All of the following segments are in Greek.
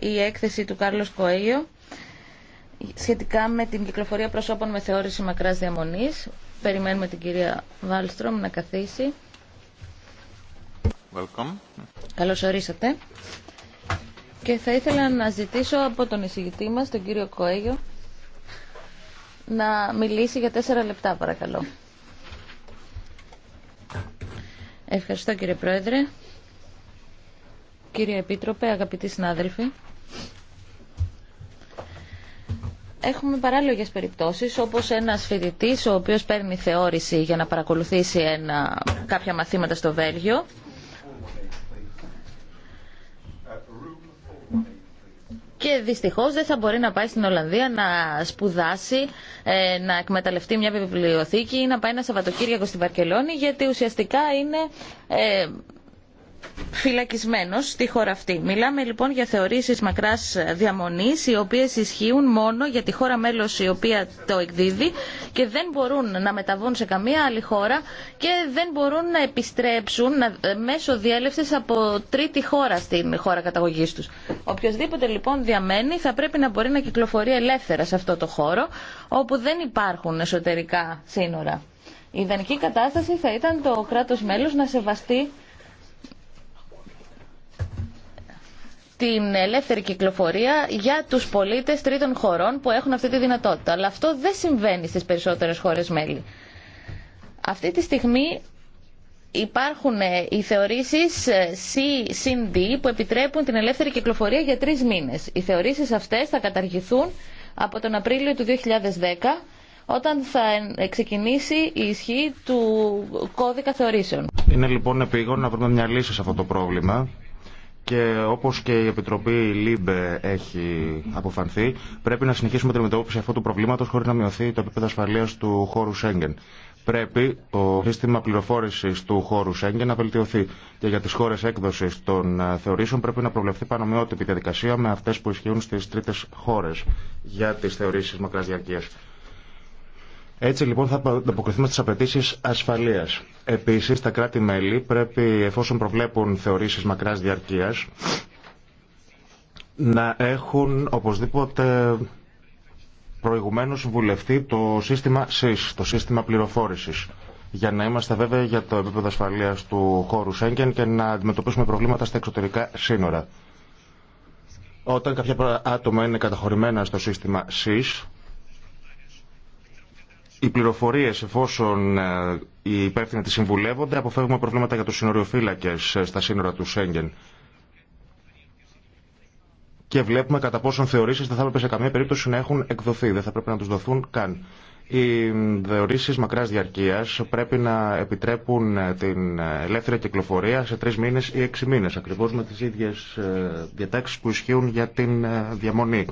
η έκθεση του Κάρλος Κοέγιο σχετικά με την κυκλοφορία προσώπων με θεώρηση μακράς διαμονής. Περιμένουμε την κυρία Βάλστρομ να καθίσει. Welcome. Καλώς ορίσατε. Και θα ήθελα να ζητήσω από τον εισηγητή μας, τον κύριο Κοέγιο, να μιλήσει για τέσσερα λεπτά παρακαλώ. Ευχαριστώ κύριε Πρόεδρε. Κύριε Επίτροπε, αγαπητοί συνάδελφοι, έχουμε παράλογε περιπτώσεις όπως ένας φοιτητής ο οποίος παίρνει θεώρηση για να παρακολουθήσει ένα, κάποια μαθήματα στο Βέλγιο και δυστυχώ, δεν θα μπορεί να πάει στην Ολλανδία να σπουδάσει, ε, να εκμεταλλευτεί μια βιβλιοθήκη ή να πάει ένα Σαββατοκύριακο στη Βαρκελόνη γιατί ουσιαστικά είναι ε, φυλακισμένος στη χώρα αυτή. Μιλάμε λοιπόν για θεωρήσεις μακράς διαμονής οι οποίες ισχύουν μόνο για τη χώρα μέλος η οποία το εκδίδει και δεν μπορούν να μεταβούν σε καμία άλλη χώρα και δεν μπορούν να επιστρέψουν ε, μέσω διέλευσης από τρίτη χώρα στην χώρα καταγωγής τους. Οποιοδήποτε λοιπόν διαμένει θα πρέπει να μπορεί να κυκλοφορεί ελεύθερα σε αυτό το χώρο όπου δεν υπάρχουν εσωτερικά σύνορα. Η ιδανική κατάσταση θα ήταν το κράτος μέλος να σεβαστεί την ελεύθερη κυκλοφορία για τους πολίτες τρίτων χωρών που έχουν αυτή τη δυνατότητα. Αλλά αυτό δεν συμβαίνει στις περισσότερες χώρες μέλη. Αυτή τη στιγμή υπάρχουν ε, οι θεωρήσεις ε, C, D που επιτρέπουν την ελεύθερη κυκλοφορία για τρεις μήνες. Οι θεωρήσεις αυτές θα καταργηθούν από τον Απρίλιο του 2010 όταν θα ε, ξεκινήσει η ισχύ του κώδικα θεωρήσεων. Είναι λοιπόν επίγον να βρούμε μια λύση σε αυτό το πρόβλημα και όπως και η Επιτροπή ΛΥΜΠΕ έχει αποφανθεί, πρέπει να συνεχίσουμε την σε αυτού του προβλήματος χωρίς να μειωθεί το επίπεδο ασφαλείας του χώρου Σέγγεν. Πρέπει το σύστημα πληροφόρηση του χώρου Σέγγεν να βελτιωθεί και για τι χώρε έκδοση των ε, θεωρήσεων πρέπει να προβλεφθεί πανομοιότυπη διαδικασία με αυτέ που ισχύουν στι τρίτε χώρε για τι θεωρήσει μακρά διαρκεία. Έτσι λοιπόν θα ανταποκριθούμε στι απαιτήσει ασφαλεία. Επίση, τα κράτη-μέλη πρέπει, εφόσον προβλέπουν θεωρήσει μακρά διαρκεία, να έχουν οπωσδήποτε προηγουμένω βουλευτεί το σύστημα ΣΥΣ, το σύστημα πληροφόρηση, για να είμαστε βέβαια για το επίπεδο ασφαλεία του χώρου Σέγγεν και να αντιμετωπίσουμε προβλήματα στα εξωτερικά σύνορα. Όταν κάποια άτομα είναι καταχωρημένα στο σύστημα ΣΥΣ, οι πληροφορίες εφόσον ε, οι υπεύθυνοι τη συμβουλεύονται αποφεύγουμε προβλήματα για τους συνοριοφύλακες ε, στα σύνορα του Σέγγεν. Και βλέπουμε κατά πόσον θεωρήσεις δεν θα έπρεπε σε καμία περίπτωση να έχουν εκδοθεί, δεν θα πρέπει να τους δοθούν καν. Οι θεωρήσεις μακράς διαρκείας πρέπει να επιτρέπουν ε, την ελεύθερη κυκλοφορία σε τρεις μήνες ή έξι μήνες, ακριβώς με τις ίδιες διατάξεις που ισχύουν για την διαμονή.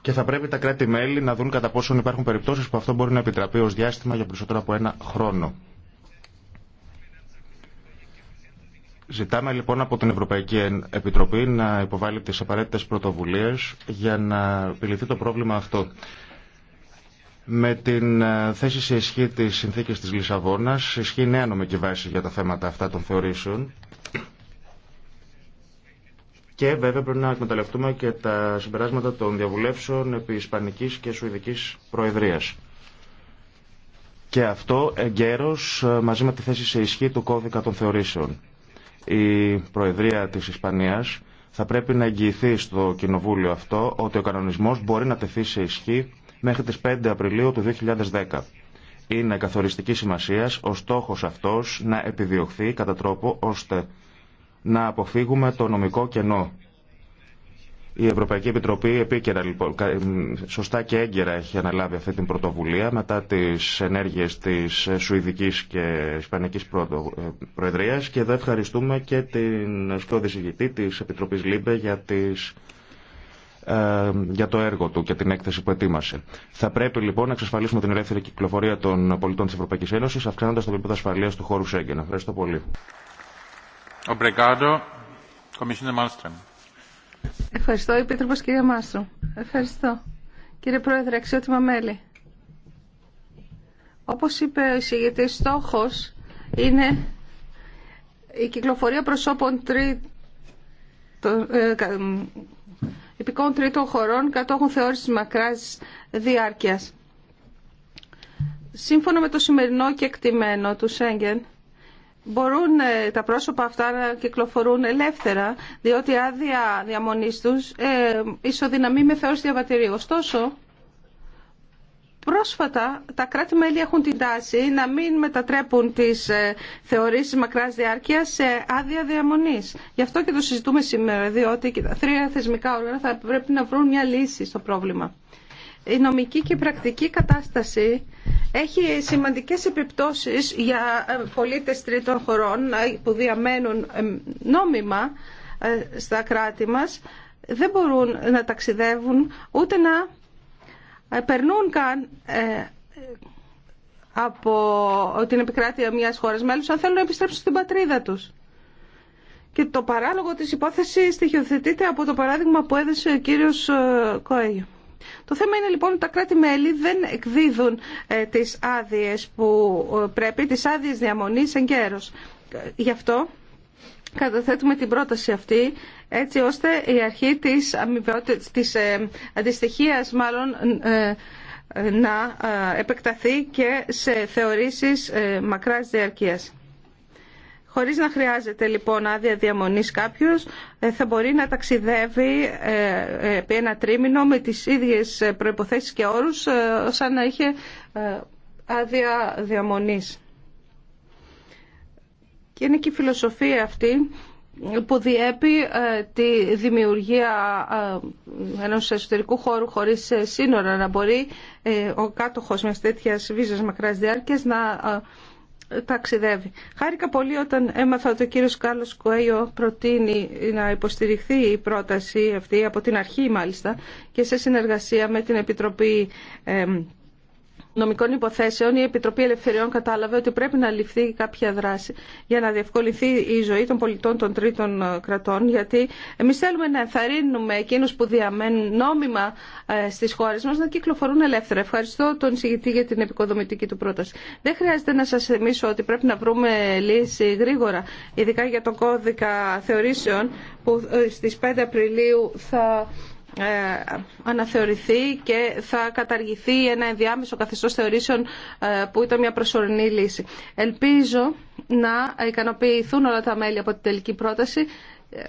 Και θα πρέπει τα κράτη-μέλη να δουν κατά πόσον υπάρχουν περιπτώσεις που αυτό μπορεί να επιτραπεί ως διάστημα για περισσότερο από ένα χρόνο. Ζητάμε λοιπόν από την Ευρωπαϊκή Επιτροπή να υποβάλει τις απαραίτητες πρωτοβουλίες για να επιληθεί το πρόβλημα αυτό. Με την ε, θέση σε ισχύ της συνθήκης της Λισαβόνας ισχύει νέα νομική βάση για τα θέματα αυτά των θεωρήσεων και βέβαια πρέπει να εκμεταλλευτούμε και τα συμπεράσματα των διαβουλεύσεων επί Ισπανικής και Σουηδικής Προεδρίας. Και αυτό εγκαίρως ε, μαζί με τη θέση σε ισχύ του κώδικα των θεωρήσεων. Η Προεδρία της Ισπανίας θα πρέπει να εγγυηθεί στο Κοινοβούλιο αυτό ότι ο κανονισμός μπορεί να τεθεί σε ισχύ μέχρι τις 5 Απριλίου του 2010. Είναι καθοριστική σημασία ο στόχος αυτός να επιδιωχθεί κατά τρόπο ώστε να αποφύγουμε το νομικό κενό. Η Ευρωπαϊκή Επιτροπή επίκαιρα, λοιπόν, σωστά και έγκαιρα έχει αναλάβει αυτή την πρωτοβουλία μετά τις ενέργειες της Σουηδικής και Ισπανικής ε, Προεδρίας και εδώ ευχαριστούμε και την σκόδη συγητή της Επιτροπής Λίμπε για τις ε, για το έργο του και την έκθεση που ετοίμασε. Θα πρέπει λοιπόν να εξασφαλίσουμε την ελεύθερη κυκλοφορία των πολιτών της Ευρωπαϊκής Ένωσης αυξάνοντα το επίπεδο ασφαλεία του χώρου Σέγγεν. Ευχαριστώ πολύ. Ευχαριστώ, Επίτροπο κύριε Μάστρομ. Ευχαριστώ. Κύριε Πρόεδρε, αξιότιμα μέλη. Όπως είπε ο εισηγητή, στόχο είναι η κυκλοφορία προσώπων τρίτων ε, υπηκών τρίτων χωρών κατόχων θεώρηση μακράς διάρκειας. Σύμφωνα με το σημερινό κεκτημένο του Σέγγεν, μπορούν ε, τα πρόσωπα αυτά να κυκλοφορούν ελεύθερα, διότι άδεια διαμονής τους ε, ισοδυναμεί με θεώρηση διαβατηρίου. Ωστόσο, πρόσφατα τα κράτη-μέλη έχουν την τάση να μην μετατρέπουν τις ε, θεωρήσεις μακράς διάρκειας σε άδεια διαμονής. Γι' αυτό και το συζητούμε σήμερα, διότι τα τρία θεσμικά όργανα θα πρέπει να βρουν μια λύση στο πρόβλημα η νομική και η πρακτική κατάσταση έχει σημαντικές επιπτώσεις για ε, πολίτες τρίτων χωρών ε, που διαμένουν ε, νόμιμα στα κράτη μας. Δεν μπορούν να ταξιδεύουν ούτε να περνούν καν από την επικράτεια μιας χώρας μέλους αν θέλουν να επιστρέψουν στην πατρίδα τους. Και το παράλογο της υπόθεσης στοιχειοθετείται από το παράδειγμα που έδωσε ο κύριος Κόεγιο. Το θέμα είναι λοιπόν ότι τα κράτη-μέλη δεν εκδίδουν ε, τις άδειες που ε, πρέπει, τις άδειες διαμονής εν καιρός. Γι' αυτό καταθέτουμε την πρόταση αυτή έτσι ώστε η αρχή της, της ε, αντιστοιχίας μάλλον να επεκταθεί και σε θεωρήσεις μακράς διαρκείας. Χωρίς να χρειάζεται λοιπόν άδεια διαμονής κάποιος, ε, θα μπορεί να ταξιδεύει ε, ε, επί ένα τρίμηνο με τις ίδιες προϋποθέσεις και όρους σαν να είχε άδεια διαμονής. Και είναι και η φιλοσοφία αυτή που διέπει τη δημιουργία ενός εσωτερικού χώρου χωρίς σύνορα να μπορεί ο κάτοχος μιας τέτοιας βίζας μακράς διάρκειας να ταξιδεύει. Χάρηκα πολύ όταν έμαθα ότι ο κύριος Κάλλος Κουέιο προτείνει να υποστηριχθεί η πρόταση αυτή από την αρχή μάλιστα και σε συνεργασία με την Επιτροπή νομικών υποθέσεων η Επιτροπή Ελευθεριών κατάλαβε ότι πρέπει να ληφθεί κάποια δράση για να διευκολυνθεί η ζωή των πολιτών των τρίτων ε, κρατών γιατί εμείς θέλουμε να ενθαρρύνουμε εκείνους που διαμένουν νόμιμα ε, στις χώρες μας να κυκλοφορούν ελεύθερα. Ευχαριστώ τον συγητή για την επικοδομητική του πρόταση. Δεν χρειάζεται να σας θυμίσω ότι πρέπει να βρούμε λύση γρήγορα ειδικά για τον κώδικα θεωρήσεων που ε, στις 5 Απριλίου θα ε, αναθεωρηθεί και θα καταργηθεί ένα ενδιάμεσο καθεστώς θεωρήσεων ε, που ήταν μια προσωρινή λύση. Ελπίζω να ικανοποιηθούν όλα τα μέλη από την τελική πρόταση ε,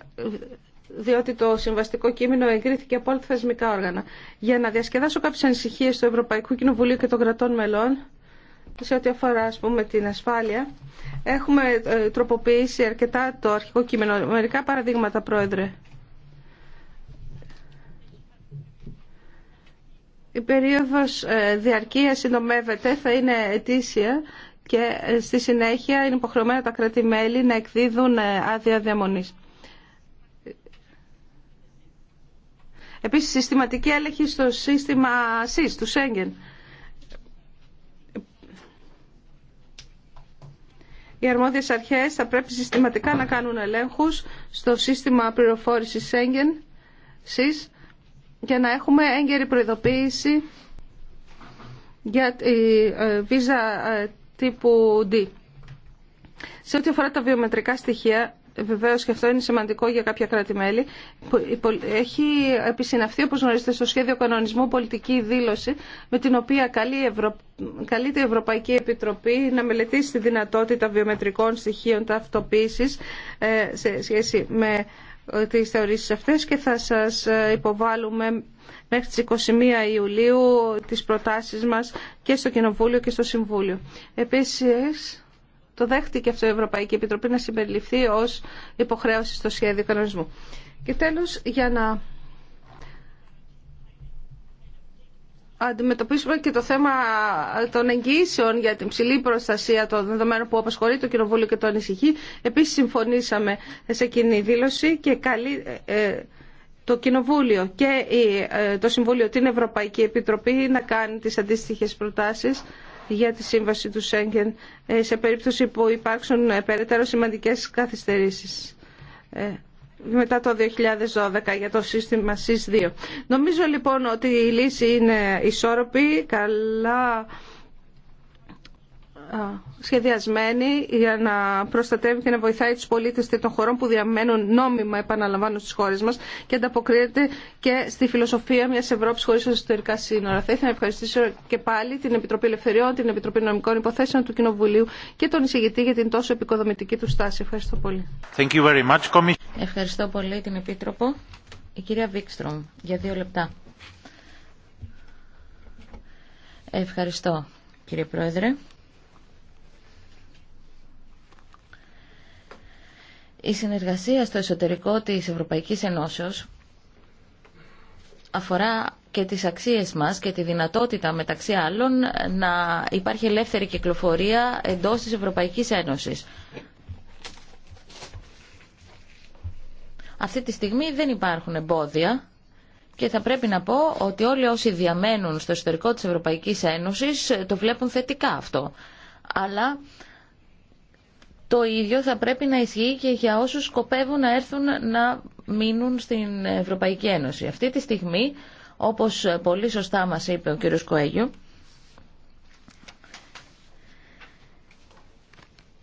διότι το συμβαστικό κείμενο εγκρίθηκε από όλα τα θεσμικά όργανα. Για να διασκεδάσω κάποιες ανησυχίες του Ευρωπαϊκού Κοινοβουλίου και των κρατών μελών, σε ό,τι αφορά ας πούμε, την ασφάλεια, έχουμε τροποποιήσει αρκετά το αρχικό κείμενο. Μερικά παραδείγματα, Πρόεδρε. η περίοδος ε, διαρκείας συντομεύεται, θα είναι ετήσια και ε, στη συνέχεια είναι υποχρεωμένα τα κράτη-μέλη να εκδίδουν ε, άδεια διαμονής. Επίσης, συστηματική έλεγχη στο σύστημα ΣΥΣ, του ΣΕΝΓΕΝ. Οι αρμόδιες αρχές θα πρέπει συστηματικά να κάνουν ελέγχους στο σύστημα πληροφόρησης Σέγγεν, για να έχουμε έγκαιρη προειδοποίηση για τη ε, βίζα ε, τύπου D. Σε ό,τι αφορά τα βιομετρικά στοιχεία, βεβαίω και αυτό είναι σημαντικό για κάποια κράτη-μέλη, έχει επισυναυθεί, όπω γνωρίζετε, στο σχέδιο κανονισμού πολιτική δήλωση, με την οποία καλεί, Ευρω... καλείται η Ευρωπαϊκή Επιτροπή να μελετήσει τη δυνατότητα βιομετρικών στοιχείων ταυτοποίηση ε, σε σχέση με τις θεωρήσεις αυτές και θα σας ε, υποβάλουμε μέχρι τις 21 Ιουλίου τις προτάσεις μας και στο Κοινοβούλιο και στο Συμβούλιο. Επίσης, το δέχτηκε αυτό η Ευρωπαϊκή Επιτροπή να συμπεριληφθεί ως υποχρέωση στο σχέδιο κανονισμού. Και τέλος, για να αντιμετωπίσουμε και το θέμα των εγγύσεων για την ψηλή προστασία των δεδομένων που απασχολεί το Κοινοβούλιο και το ανησυχεί. Επίσης συμφωνήσαμε σε κοινή δήλωση και καλή ε, το Κοινοβούλιο και ε, το Συμβούλιο την Ευρωπαϊκή Επιτροπή να κάνει τις αντίστοιχες προτάσεις για τη σύμβαση του Σέγγεν ε, σε περίπτωση που υπάρξουν περαιτέρω σημαντικές καθυστερήσεις μετά το 2012 για το σύστημα ΣΥΣ2. Νομίζω λοιπόν ότι η λύση είναι ισόρροπη, καλά σχεδιασμένη για να προστατεύει και να βοηθάει τους πολίτες των χωρών που διαμένουν νόμιμα, επαναλαμβάνω, στι χώρες μας και ανταποκρίνεται και στη φιλοσοφία μιας Ευρώπης χωρίς εσωτερικά σύνορα. Θα ήθελα να ευχαριστήσω και πάλι την Επιτροπή Ελευθεριών, την Επιτροπή Νομικών Υποθέσεων του Κοινοβουλίου και τον εισηγητή για την τόσο επικοδομητική του στάση. Ευχαριστώ πολύ. Thank you very much, Ευχαριστώ πολύ την Επίτροπο. Η κυρία Βίκστρομ, για δύο λεπτά. Ευχαριστώ, κύριε Πρόεδρε. Η συνεργασία στο εσωτερικό της Ευρωπαϊκής Ενώσεως αφορά και τις αξίες μας και τη δυνατότητα μεταξύ άλλων να υπάρχει ελεύθερη κυκλοφορία εντός της Ευρωπαϊκής Ένωσης. Αυτή τη στιγμή δεν υπάρχουν εμπόδια και θα πρέπει να πω ότι όλοι όσοι διαμένουν στο εσωτερικό της Ευρωπαϊκής Ένωσης το βλέπουν θετικά αυτό. Αλλά το ίδιο θα πρέπει να ισχύει και για όσους σκοπεύουν να έρθουν να μείνουν στην Ευρωπαϊκή Ένωση. Αυτή τη στιγμή, όπως πολύ σωστά μας είπε ο κύριος Κοέγιου,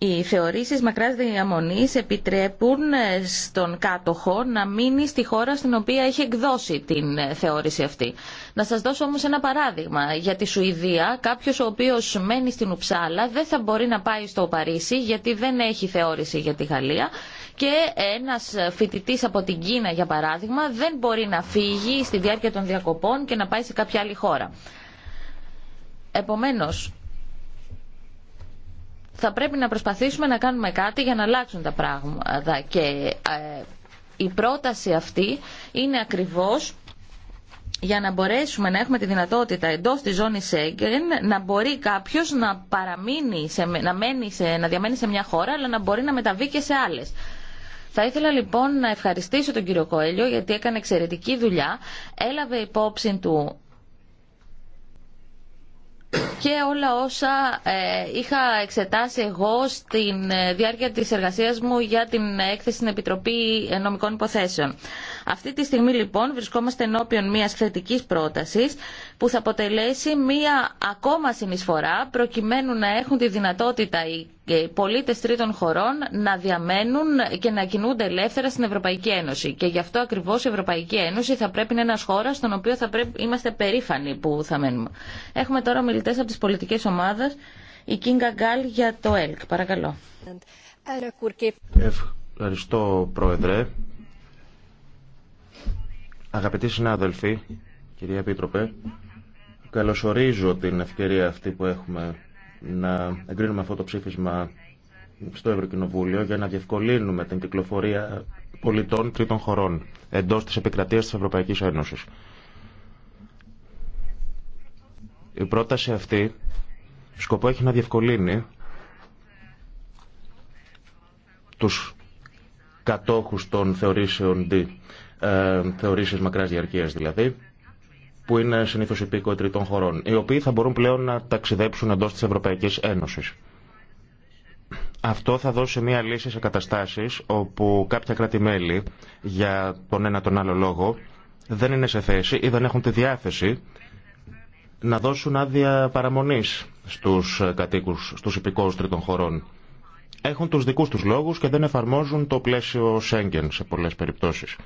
Οι θεωρήσεις μακράς διαμονής επιτρέπουν ε, στον κάτοχο να μείνει στη χώρα στην οποία έχει εκδώσει την ε, θεώρηση αυτή. Να σας δώσω όμως ένα παράδειγμα. Για τη Σουηδία κάποιος ο οποίος μένει στην Ουψάλα δεν θα μπορεί να πάει στο Παρίσι γιατί δεν έχει θεώρηση για τη Γαλλία και ένας φοιτητή από την Κίνα για παράδειγμα δεν μπορεί να φύγει στη διάρκεια των διακοπών και να πάει σε κάποια άλλη χώρα. Επομένως, θα πρέπει να προσπαθήσουμε να κάνουμε κάτι για να αλλάξουν τα πράγματα. Και ε, η πρόταση αυτή είναι ακριβώς για να μπορέσουμε να έχουμε τη δυνατότητα εντός της ζώνης Σέγγεν να μπορεί κάποιος να παραμείνει, σε, να, μένει σε, να διαμένει σε μια χώρα αλλά να μπορεί να μεταβεί και σε άλλες. Θα ήθελα λοιπόν να ευχαριστήσω τον κύριο Κοέλιο γιατί έκανε εξαιρετική δουλειά, έλαβε υπόψη του και όλα όσα ε, είχα εξετάσει εγώ στη ε, διάρκεια της εργασίας μου για την έκθεση στην Επιτροπή Νομικών Υποθέσεων. Αυτή τη στιγμή λοιπόν βρισκόμαστε ενώπιον μιας θετικής πρότασης που θα αποτελέσει μια ακόμα συνεισφορά προκειμένου να έχουν τη δυνατότητα οι πολίτε τρίτων χωρών να διαμένουν και να κινούνται ελεύθερα στην Ευρωπαϊκή Ένωση. Και γι' αυτό ακριβώ η Ευρωπαϊκή Ένωση θα πρέπει να είναι ένα χώρο στον οποίο θα πρέπει, είμαστε περήφανοι που θα μένουμε. Έχουμε τώρα μιλητέ από τις πολιτικές ομάδες. Η Κίνγκα Γκάλ για το ΕΛΚ. Παρακαλώ. Ευχαριστώ, Πρόεδρε. Αγαπητοί συνάδελφοι, κυρία Επίτροπε, καλωσορίζω την ευκαιρία αυτή που έχουμε να εγκρίνουμε αυτό το ψήφισμα στο Ευρωκοινοβούλιο για να διευκολύνουμε την κυκλοφορία πολιτών τρίτων χωρών εντός της επικρατείας της Ευρωπαϊκής Ένωσης. Η πρόταση αυτή σκοπό έχει να διευκολύνει τους κατόχους των θεωρήσεων D, ε, θεωρήσεις μακράς διαρκείας δηλαδή, που είναι συνήθως υπήκοοι τριτών χωρών, οι οποίοι θα μπορούν πλέον να ταξιδέψουν εντός της Ευρωπαϊκής Ένωσης. Αυτό θα δώσει μια λύση σε καταστάσεις όπου κάποια κράτη-μέλη, για τον ένα τον άλλο λόγο, δεν είναι σε θέση ή δεν έχουν τη διάθεση να δώσουν άδεια παραμονής στους κατοίκους, στους υπηκόους τρίτων χωρών έχουν τους δικούς τους λόγους και δεν εφαρμόζουν το πλαίσιο Σέγγεν σε πολλές περιπτώσεις.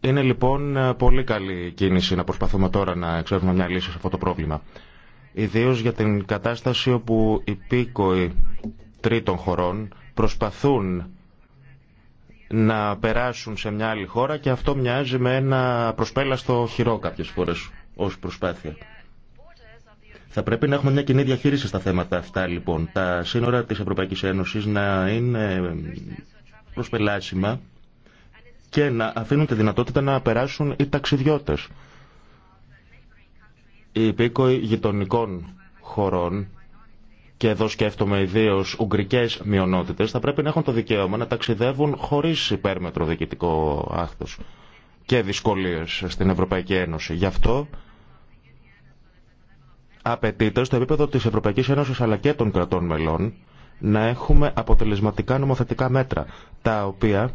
Είναι λοιπόν πολύ καλή κίνηση να προσπαθούμε τώρα να εξέρουμε μια λύση σε αυτό το πρόβλημα. Ιδίω για την κατάσταση όπου οι πίκοοι τρίτων χωρών προσπαθούν να περάσουν σε μια άλλη χώρα και αυτό μοιάζει με ένα προσπέλαστο χειρό κάποιες φορές ως προσπάθεια. Θα πρέπει να έχουμε μια κοινή διαχείριση στα θέματα αυτά λοιπόν. Τα σύνορα της Ευρωπαϊκής Ένωσης να είναι προσπελάσιμα και να αφήνουν τη δυνατότητα να περάσουν οι ταξιδιώτες. Οι υπήκοοι γειτονικών χωρών και εδώ σκέφτομαι ιδίω ουγγρικέ μειονότητε, θα πρέπει να έχουν το δικαίωμα να ταξιδεύουν χωρί υπέρμετρο διοικητικό άκτο και δυσκολίε στην Ευρωπαϊκή Ένωση. Γι' αυτό απαιτείται στο επίπεδο της Ευρωπαϊκής Ένωσης αλλά και των κρατών μελών να έχουμε αποτελεσματικά νομοθετικά μέτρα τα οποία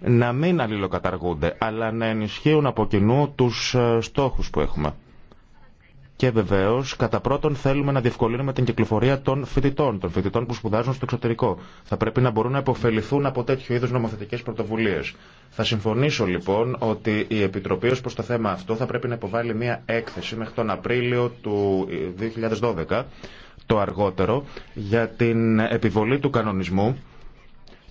να μην αλληλοκαταργούνται αλλά να ενισχύουν από κοινού τους ε, στόχους που έχουμε. Και βεβαίω, κατά πρώτον, θέλουμε να διευκολύνουμε την κυκλοφορία των φοιτητών, των φοιτητών που σπουδάζουν στο εξωτερικό. Θα πρέπει να μπορούν να υποφεληθούν από τέτοιου είδου νομοθετικέ πρωτοβουλίε. Θα συμφωνήσω λοιπόν ότι η Επιτροπή ω προ το θέμα αυτό θα πρέπει να υποβάλει μία έκθεση μέχρι τον Απρίλιο του 2012, ε, το αργότερο, για την επιβολή του κανονισμού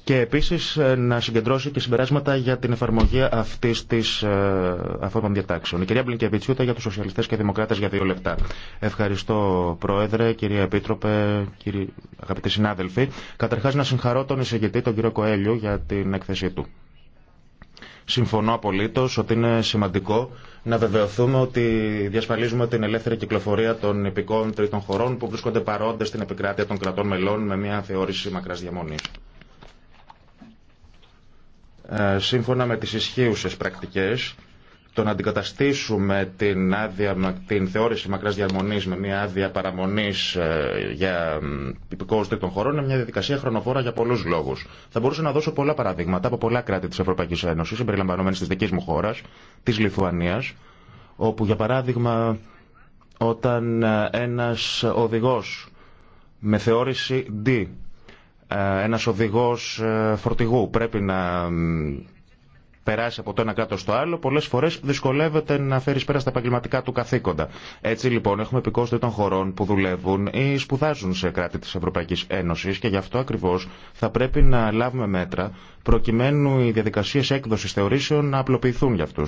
και επίσης ε, να συγκεντρώσει και συμπεράσματα για την εφαρμογή αυτής της, ε, αυτών των διατάξεων. Η κυρία Μπλικεβιτσιούτα για τους σοσιαλιστές και δημοκράτες για δύο λεπτά. Ευχαριστώ Πρόεδρε, κυρία Επίτροπε, κύριοι, αγαπητοί συνάδελφοι. Καταρχάς να συγχαρώ τον εισηγητή, τον κύριο Κοέλιο, για την έκθεσή του. Συμφωνώ απολύτω ότι είναι σημαντικό να βεβαιωθούμε ότι διασφαλίζουμε την ελεύθερη κυκλοφορία των υπηκών τρίτων χωρών που βρίσκονται παρόντε στην επικράτεια των κρατών μελών με μια θεώρηση μακρά διαμονή. Ε, σύμφωνα με τις ισχύουσες πρακτικές το να αντικαταστήσουμε την, άδεια, την θεώρηση μακράς διαμονής με μια άδεια παραμονής ε, για υπηκόους τρίτων χωρών είναι μια διαδικασία χρονοφόρα για πολλούς λόγους. Θα μπορούσα να δώσω πολλά παραδείγματα από πολλά κράτη της Ευρωπαϊκής Ένωσης, συμπεριλαμβανομένης της δικής μου χώρας, της Λιθουανίας, όπου για παράδειγμα όταν ε, ένας οδηγός με θεώρηση D ε, ένας οδηγός ε, φορτηγού πρέπει να περάσει από το ένα κράτο στο άλλο, πολλέ φορέ δυσκολεύεται να φέρει πέρα στα επαγγελματικά του καθήκοντα. Έτσι λοιπόν έχουμε επικόστη των χωρών που δουλεύουν ή σπουδάζουν σε κράτη της Ευρωπαϊκή Ένωση και γι' αυτό ακριβώς θα πρέπει να λάβουμε μέτρα προκειμένου οι διαδικασίε έκδοσης θεωρήσεων να απλοποιηθούν για αυτού.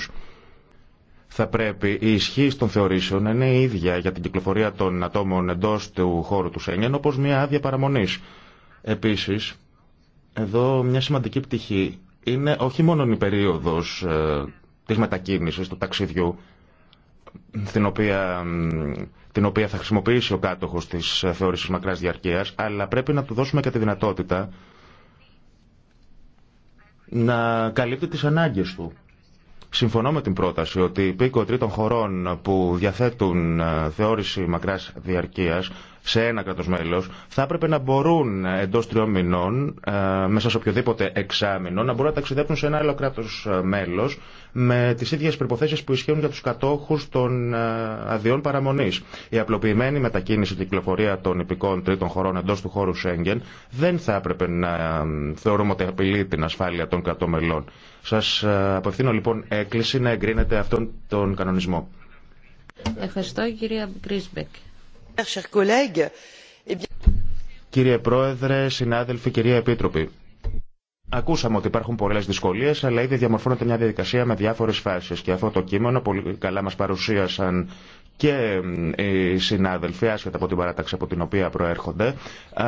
Θα πρέπει η ισχύ των θεωρήσεων να είναι η ίδια για την κυκλοφορία των ατόμων εντό του χώρου του Σέγγεν όπως μια άδεια παραμονής. Επίσης, εδώ μια σημαντική πτυχή είναι όχι μόνο η περίοδος ε, της μετακίνησης, του ταξιδιού, την οποία, την οποία θα χρησιμοποιήσει ο κάτοχος της θεώρησης μακράς διαρκείας, αλλά πρέπει να του δώσουμε και τη δυνατότητα να καλύπτει τις ανάγκες του. Συμφωνώ με την πρόταση ότι οι πίκο τρίτων χωρών που διαθέτουν ε, θεώρηση μακράς διαρκείας σε ένα κράτο μέλο, θα έπρεπε να μπορούν εντό τριών μηνών, ε, μέσα σε οποιοδήποτε εξάμεινο, να μπορούν να ταξιδέψουν σε ένα άλλο κράτο ε, μέλο με τι ίδιε προποθέσει που ισχύουν για του κατόχου των ε, αδειών παραμονή. Η απλοποιημένη μετακίνηση και κυκλοφορία των υπηκών τρίτων χωρών εντό του χώρου Σέγγεν δεν θα έπρεπε να θεωρούμε ότι απειλεί την ασφάλεια των κρατών μελών. Σα απευθύνω λοιπόν έκκληση να εγκρίνετε αυτόν τον κανονισμό. Ευχαριστώ κυρία Γκρίσμπεκ. Eh Κύριε Πρόεδρε, συνάδελφοι, κυρία Επίτροπη. Ακούσαμε ότι υπάρχουν πολλέ δυσκολίε, αλλά ήδη διαμορφώνεται μια διαδικασία με διάφορε φάσει. Και αυτό το κείμενο πολύ καλά μα παρουσίασαν και ε, οι συνάδελφοι, άσχετα από την παράταξη από την οποία προέρχονται, ε,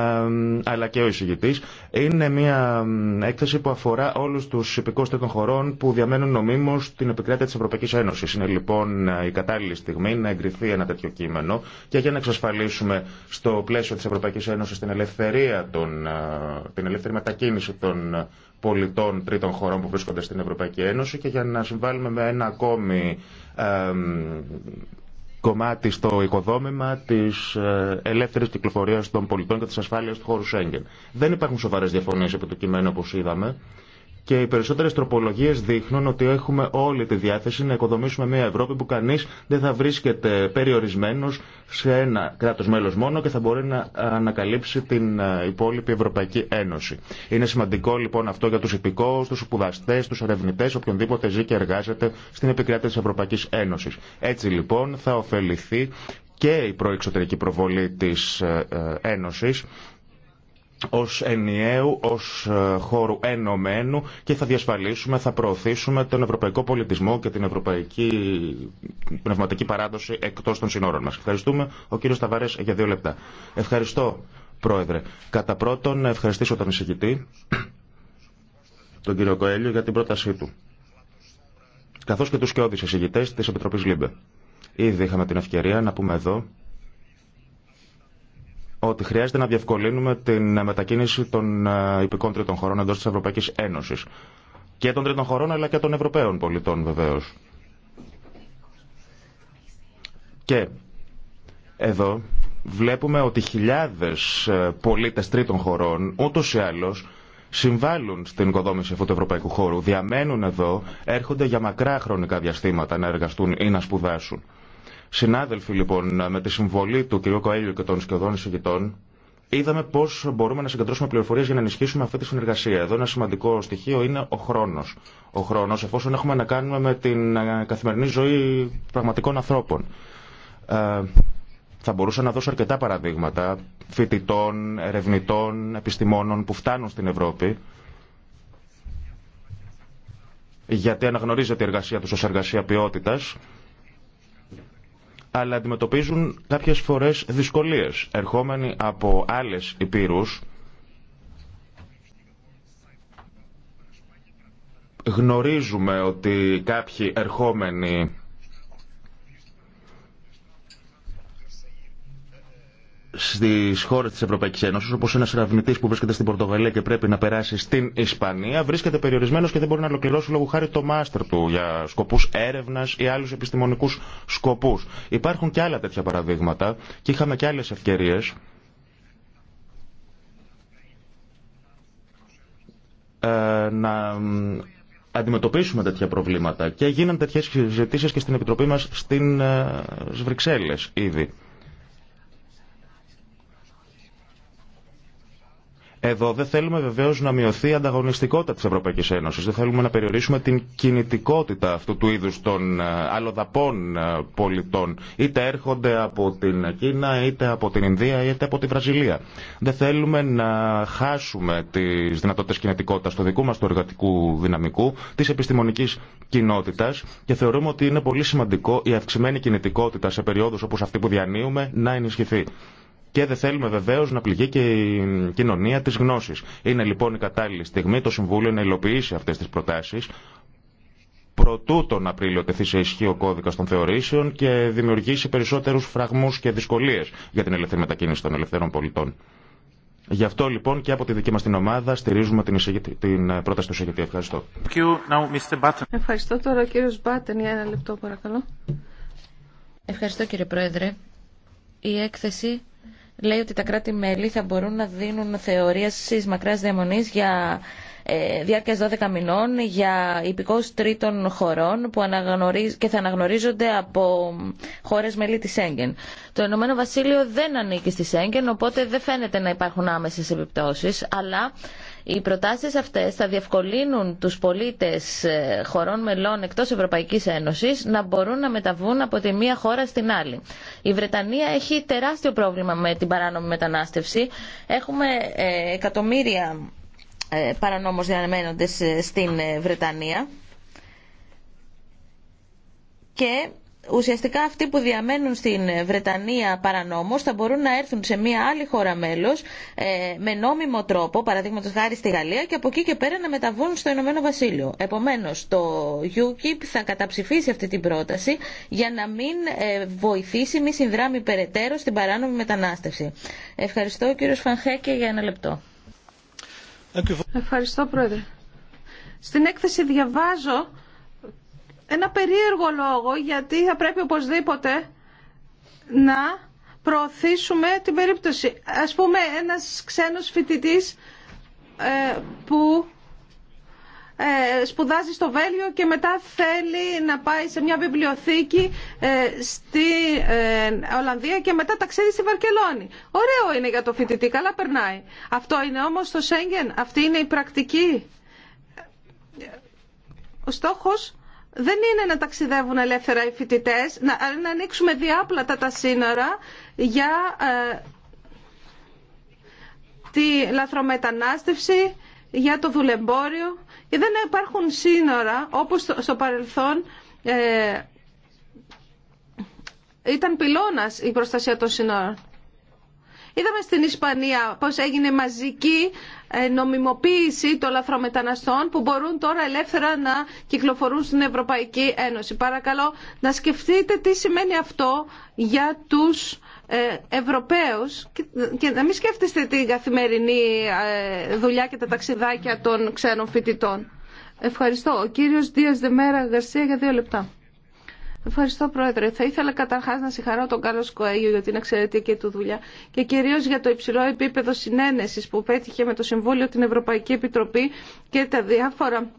αλλά και ο εισηγητή, είναι μια έκθεση που αφορά όλου του υπηκόου των χωρών που διαμένουν νομίμω στην επικράτεια τη Ευρωπαϊκή Ένωση. Είναι λοιπόν η κατάλληλη στιγμή να εγκριθεί ένα τέτοιο κείμενο και για να εξασφαλίσουμε στο πλαίσιο τη Ευρωπαϊκή Ένωση την ελευθερία των, ε, την ελεύθερη μετακίνηση των πολιτών τρίτων χωρών που βρίσκονται στην Ευρωπαϊκή Ένωση και για να συμβάλλουμε με ένα ακόμη κομμάτι στο οικοδόμημα τη ε, ελεύθερη κυκλοφορία των πολιτών και τη ασφάλεια του χώρου Σέγγεν. Δεν υπάρχουν σοβαρέ διαφωνίε από το κείμενο όπω είδαμε. Και οι περισσότερε τροπολογίε δείχνουν ότι έχουμε όλη τη διάθεση να οικοδομήσουμε μια Ευρώπη που κανεί δεν θα βρίσκεται περιορισμένο σε ένα κράτο μέλο μόνο και θα μπορεί να ανακαλύψει την ε, υπόλοιπη Ευρωπαϊκή Ένωση. Είναι σημαντικό λοιπόν αυτό για του υπηκόου, του σπουδαστέ, του ερευνητέ, οποιονδήποτε ζει και εργάζεται στην επικράτηση τη Ευρωπαϊκή Ένωση. Έτσι λοιπόν θα ωφεληθεί και η προεξωτερική προβολή της ε, ε, Ένωσης ως ενιαίου, ως ε, χώρου ενωμένου και θα διασφαλίσουμε, θα προωθήσουμε τον ευρωπαϊκό πολιτισμό και την ευρωπαϊκή πνευματική παράδοση εκτός των συνόρων μας. Ευχαριστούμε. Ο κύριος Ταβαρές για δύο λεπτά. Ευχαριστώ, Πρόεδρε. Κατά πρώτον, ευχαριστήσω τον εισηγητή, τον κύριο Κοέλιο, για την πρότασή του. Καθώς και τους και εισηγητές της Επιτροπής Λίμπε. Ήδη είχαμε την ευκαιρία να πούμε εδώ ότι χρειάζεται να διευκολύνουμε την μετακίνηση των ε, υπηκών τρίτων χωρών εντό τη Ευρωπαϊκή Ένωση. Και των τρίτων χωρών, αλλά και των Ευρωπαίων πολιτών, βεβαίω. Και εδώ βλέπουμε ότι χιλιάδες ε, πολίτες τρίτων χωρών ούτω ή άλλω, συμβάλλουν στην οικοδόμηση αυτού του ευρωπαϊκού χώρου, διαμένουν εδώ, έρχονται για μακρά χρονικά διαστήματα να εργαστούν ή να σπουδάσουν. Συνάδελφοι, λοιπόν, με τη συμβολή του κ. Κοέλιου και των σκεδών εισηγητών, είδαμε πώ μπορούμε να συγκεντρώσουμε πληροφορίε για να ενισχύσουμε αυτή τη συνεργασία. Εδώ ένα σημαντικό στοιχείο είναι ο χρόνο. Ο χρόνο, εφόσον έχουμε να κάνουμε με την ε, καθημερινή ζωή πραγματικών ανθρώπων. Ε, θα μπορούσα να δώσω αρκετά παραδείγματα φοιτητών, ερευνητών, επιστημόνων που φτάνουν στην Ευρώπη γιατί αναγνωρίζεται η εργασία τους ως εργασία ποιότητα αλλά αντιμετωπίζουν κάποιες φορές δυσκολίες ερχόμενοι από άλλες υπήρους γνωρίζουμε ότι κάποιοι ερχόμενοι στι χώρε τη Ευρωπαϊκή Ένωση, όπω ένα ερευνητή που βρίσκεται στην Πορτογαλία και πρέπει να περάσει στην Ισπανία, βρίσκεται περιορισμένο και δεν μπορεί να ολοκληρώσει λόγω χάρη το μάστερ του για σκοπού έρευνα ή άλλου επιστημονικού σκοπού. Υπάρχουν και άλλα τέτοια παραδείγματα και είχαμε και άλλε ευκαιρίε. Ε, να αντιμετωπίσουμε τέτοια προβλήματα και γίναν τέτοιες συζητήσεις και στην Επιτροπή μας στην ε, Βρυξέλλες ήδη. Εδώ δεν θέλουμε βεβαίω να μειωθεί η ανταγωνιστικότητα τη Ευρωπαϊκή Ένωση. Δεν θέλουμε να περιορίσουμε την κινητικότητα αυτού του είδου των ε, αλλοδαπών ε, πολιτών. Είτε έρχονται από την Κίνα, είτε από την Ινδία, είτε από τη Βραζιλία. Δεν θέλουμε να χάσουμε τι δυνατότητε κινητικότητα του δικού μα του εργατικού δυναμικού, τη επιστημονική κοινότητα και θεωρούμε ότι είναι πολύ σημαντικό η αυξημένη κινητικότητα σε περιόδου όπω αυτή που διανύουμε να ενισχυθεί. Και δεν θέλουμε βεβαίω να πληγεί και η κοινωνία τη γνώση. Είναι λοιπόν η κατάλληλη στιγμή το Συμβούλιο να υλοποιήσει αυτέ τι προτάσει προτού τον Απρίλιο τεθεί σε ισχύ ο κώδικα των θεωρήσεων και δημιουργήσει περισσότερου φραγμού και δυσκολίε για την ελεύθερη μετακίνηση των ελευθερών πολιτών. Γι' αυτό λοιπόν και από τη δική μα την ομάδα στηρίζουμε την, την πρόταση του εισηγητή. Ευχαριστώ. Ευχαριστώ τώρα ο κύριο Μπάτεν για ένα λεπτό παρακαλώ. Ευχαριστώ κύριε Πρόεδρε. Η έκθεση λέει ότι τα κράτη-μέλη θα μπορούν να δίνουν θεωρίες μακράς διαμονής για ε, διάρκεια 12 μηνών για υπηκός τρίτων χωρών που αναγνωρίζ... και θα αναγνωρίζονται από χώρες μελή της Σέγγεν. Το Ηνωμένο Βασίλειο δεν ανήκει στη Σέγγεν, οπότε δεν φαίνεται να υπάρχουν άμεσες επιπτώσεις, αλλά οι προτάσεις αυτές θα διευκολύνουν τους πολίτες ε, χωρών μελών εκτός Ευρωπαϊκής Ένωσης να μπορούν να μεταβούν από τη μία χώρα στην άλλη. Η Βρετανία έχει τεράστιο πρόβλημα με την παράνομη μετανάστευση. Έχουμε ε, εκατομμύρια ε, παρανόμως διαμένοντες στην Βρετανία και ουσιαστικά αυτοί που διαμένουν στην Βρετανία παρανόμως θα μπορούν να έρθουν σε μια άλλη χώρα μέλος ε, με νόμιμο τρόπο, παραδείγματο χάρη στη Γαλλία και από εκεί και πέρα να μεταβούν στο Ηνωμένο Βασίλειο. Επομένως το UKIP θα καταψηφίσει αυτή την πρόταση για να μην ε, βοηθήσει, μη συνδράμει περαιτέρω στην παράνομη μετανάστευση. Ευχαριστώ κύριο Φανχέκε για ένα λεπτό. Ευχαριστώ πρόεδρε. Στην έκθεση διαβάζω ένα περίεργο λόγο γιατί θα πρέπει οπωσδήποτε να προωθήσουμε την περίπτωση. Ας πούμε ένας ξένος φοιτητής ε, που ε, σπουδάζει στο Βέλγιο και μετά θέλει να πάει σε μια βιβλιοθήκη ε, στη Ολλανδία και μετά ταξίδι στη Βαρκελόνη. Ωραίο είναι για το φοιτητή, καλά περνάει. Αυτό είναι όμως το Σέγγεν, αυτή είναι η πρακτική. Ο στόχος δεν είναι να ταξιδεύουν ελεύθερα οι φοιτητέ, να, να ανοίξουμε διάπλατα τα σύνορα για ε, τη λαθρομετανάστευση, για το δουλεμπόριο. Και δεν υπάρχουν σύνορα όπως στο, παρελθόν ε, ήταν πυλώνας η προστασία των σύνορων. Είδαμε στην Ισπανία πώς έγινε μαζική ε, νομιμοποίηση των λαθρομεταναστών που μπορούν τώρα ελεύθερα να κυκλοφορούν στην Ευρωπαϊκή Ένωση. Παρακαλώ να σκεφτείτε τι σημαίνει αυτό για τους ε, Ευρωπαίους και να μην σκέφτεστε την καθημερινή ε, δουλειά και τα ταξιδάκια των ξένων φοιτητών. Ευχαριστώ. Ο κύριος Δίας Δεμέρα Γαρσία για δύο λεπτά. Ευχαριστώ, Πρόεδρε. Θα ήθελα καταρχάς να συγχαρώ τον καλό Κοέγιο για την εξαιρετική του δουλειά και κυρίω για το υψηλό επίπεδο συνένεση που πέτυχε με το Συμβούλιο, την Ευρωπαϊκή Επιτροπή και τα διάφορα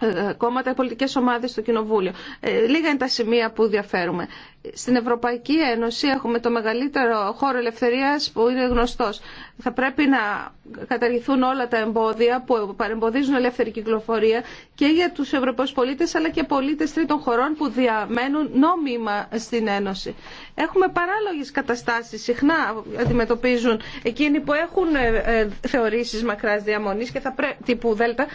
ε, κόμματα, και πολιτικές ομάδες στο Κοινοβούλιο. Ε, λίγα είναι τα σημεία που διαφέρουμε στην Ευρωπαϊκή Ένωση έχουμε το μεγαλύτερο χώρο ελευθερίας που είναι γνωστός. Θα πρέπει να καταργηθούν όλα τα εμπόδια που παρεμποδίζουν ελεύθερη κυκλοφορία και για τους Ευρωπαίους πολίτες αλλά και πολίτες τρίτων χωρών που διαμένουν νόμιμα στην Ένωση. Έχουμε παράλογες καταστάσεις. Συχνά αντιμετωπίζουν εκείνοι που έχουν ε, ε, θεωρήσεις μακράς διαμονής και θα πρέ... τύπου ΔΕΛΤΑ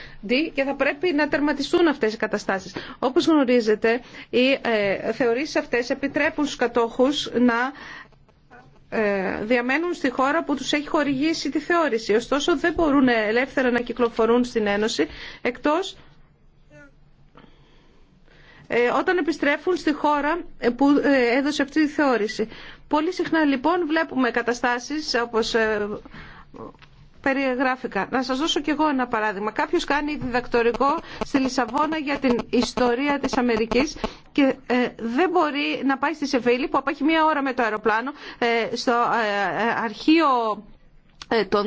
και θα πρέπει να τερματιστούν αυτές οι καταστάσεις. Όπως γνωρίζετε, οι ε, θεωρήσεις αυτές επιτρέπουν στους κατόχους να ε, διαμένουν στη χώρα που τους έχει χορηγήσει τη θεώρηση. Ωστόσο δεν μπορούν ελεύθερα να κυκλοφορούν στην Ένωση εκτός ε, όταν επιστρέφουν στη χώρα που ε, έδωσε αυτή τη θεώρηση. Πολύ συχνά λοιπόν βλέπουμε καταστάσεις όπως περιγράφηκα. Να σας δώσω κι εγώ ένα παράδειγμα. Κάποιος κάνει διδακτορικό στη Λισαβόνα για την ιστορία της Αμερικής και ε, δεν μπορεί να πάει στη Σεβίλη που απέχει μία ώρα με το αεροπλάνο ε, στο ε, αρχείο των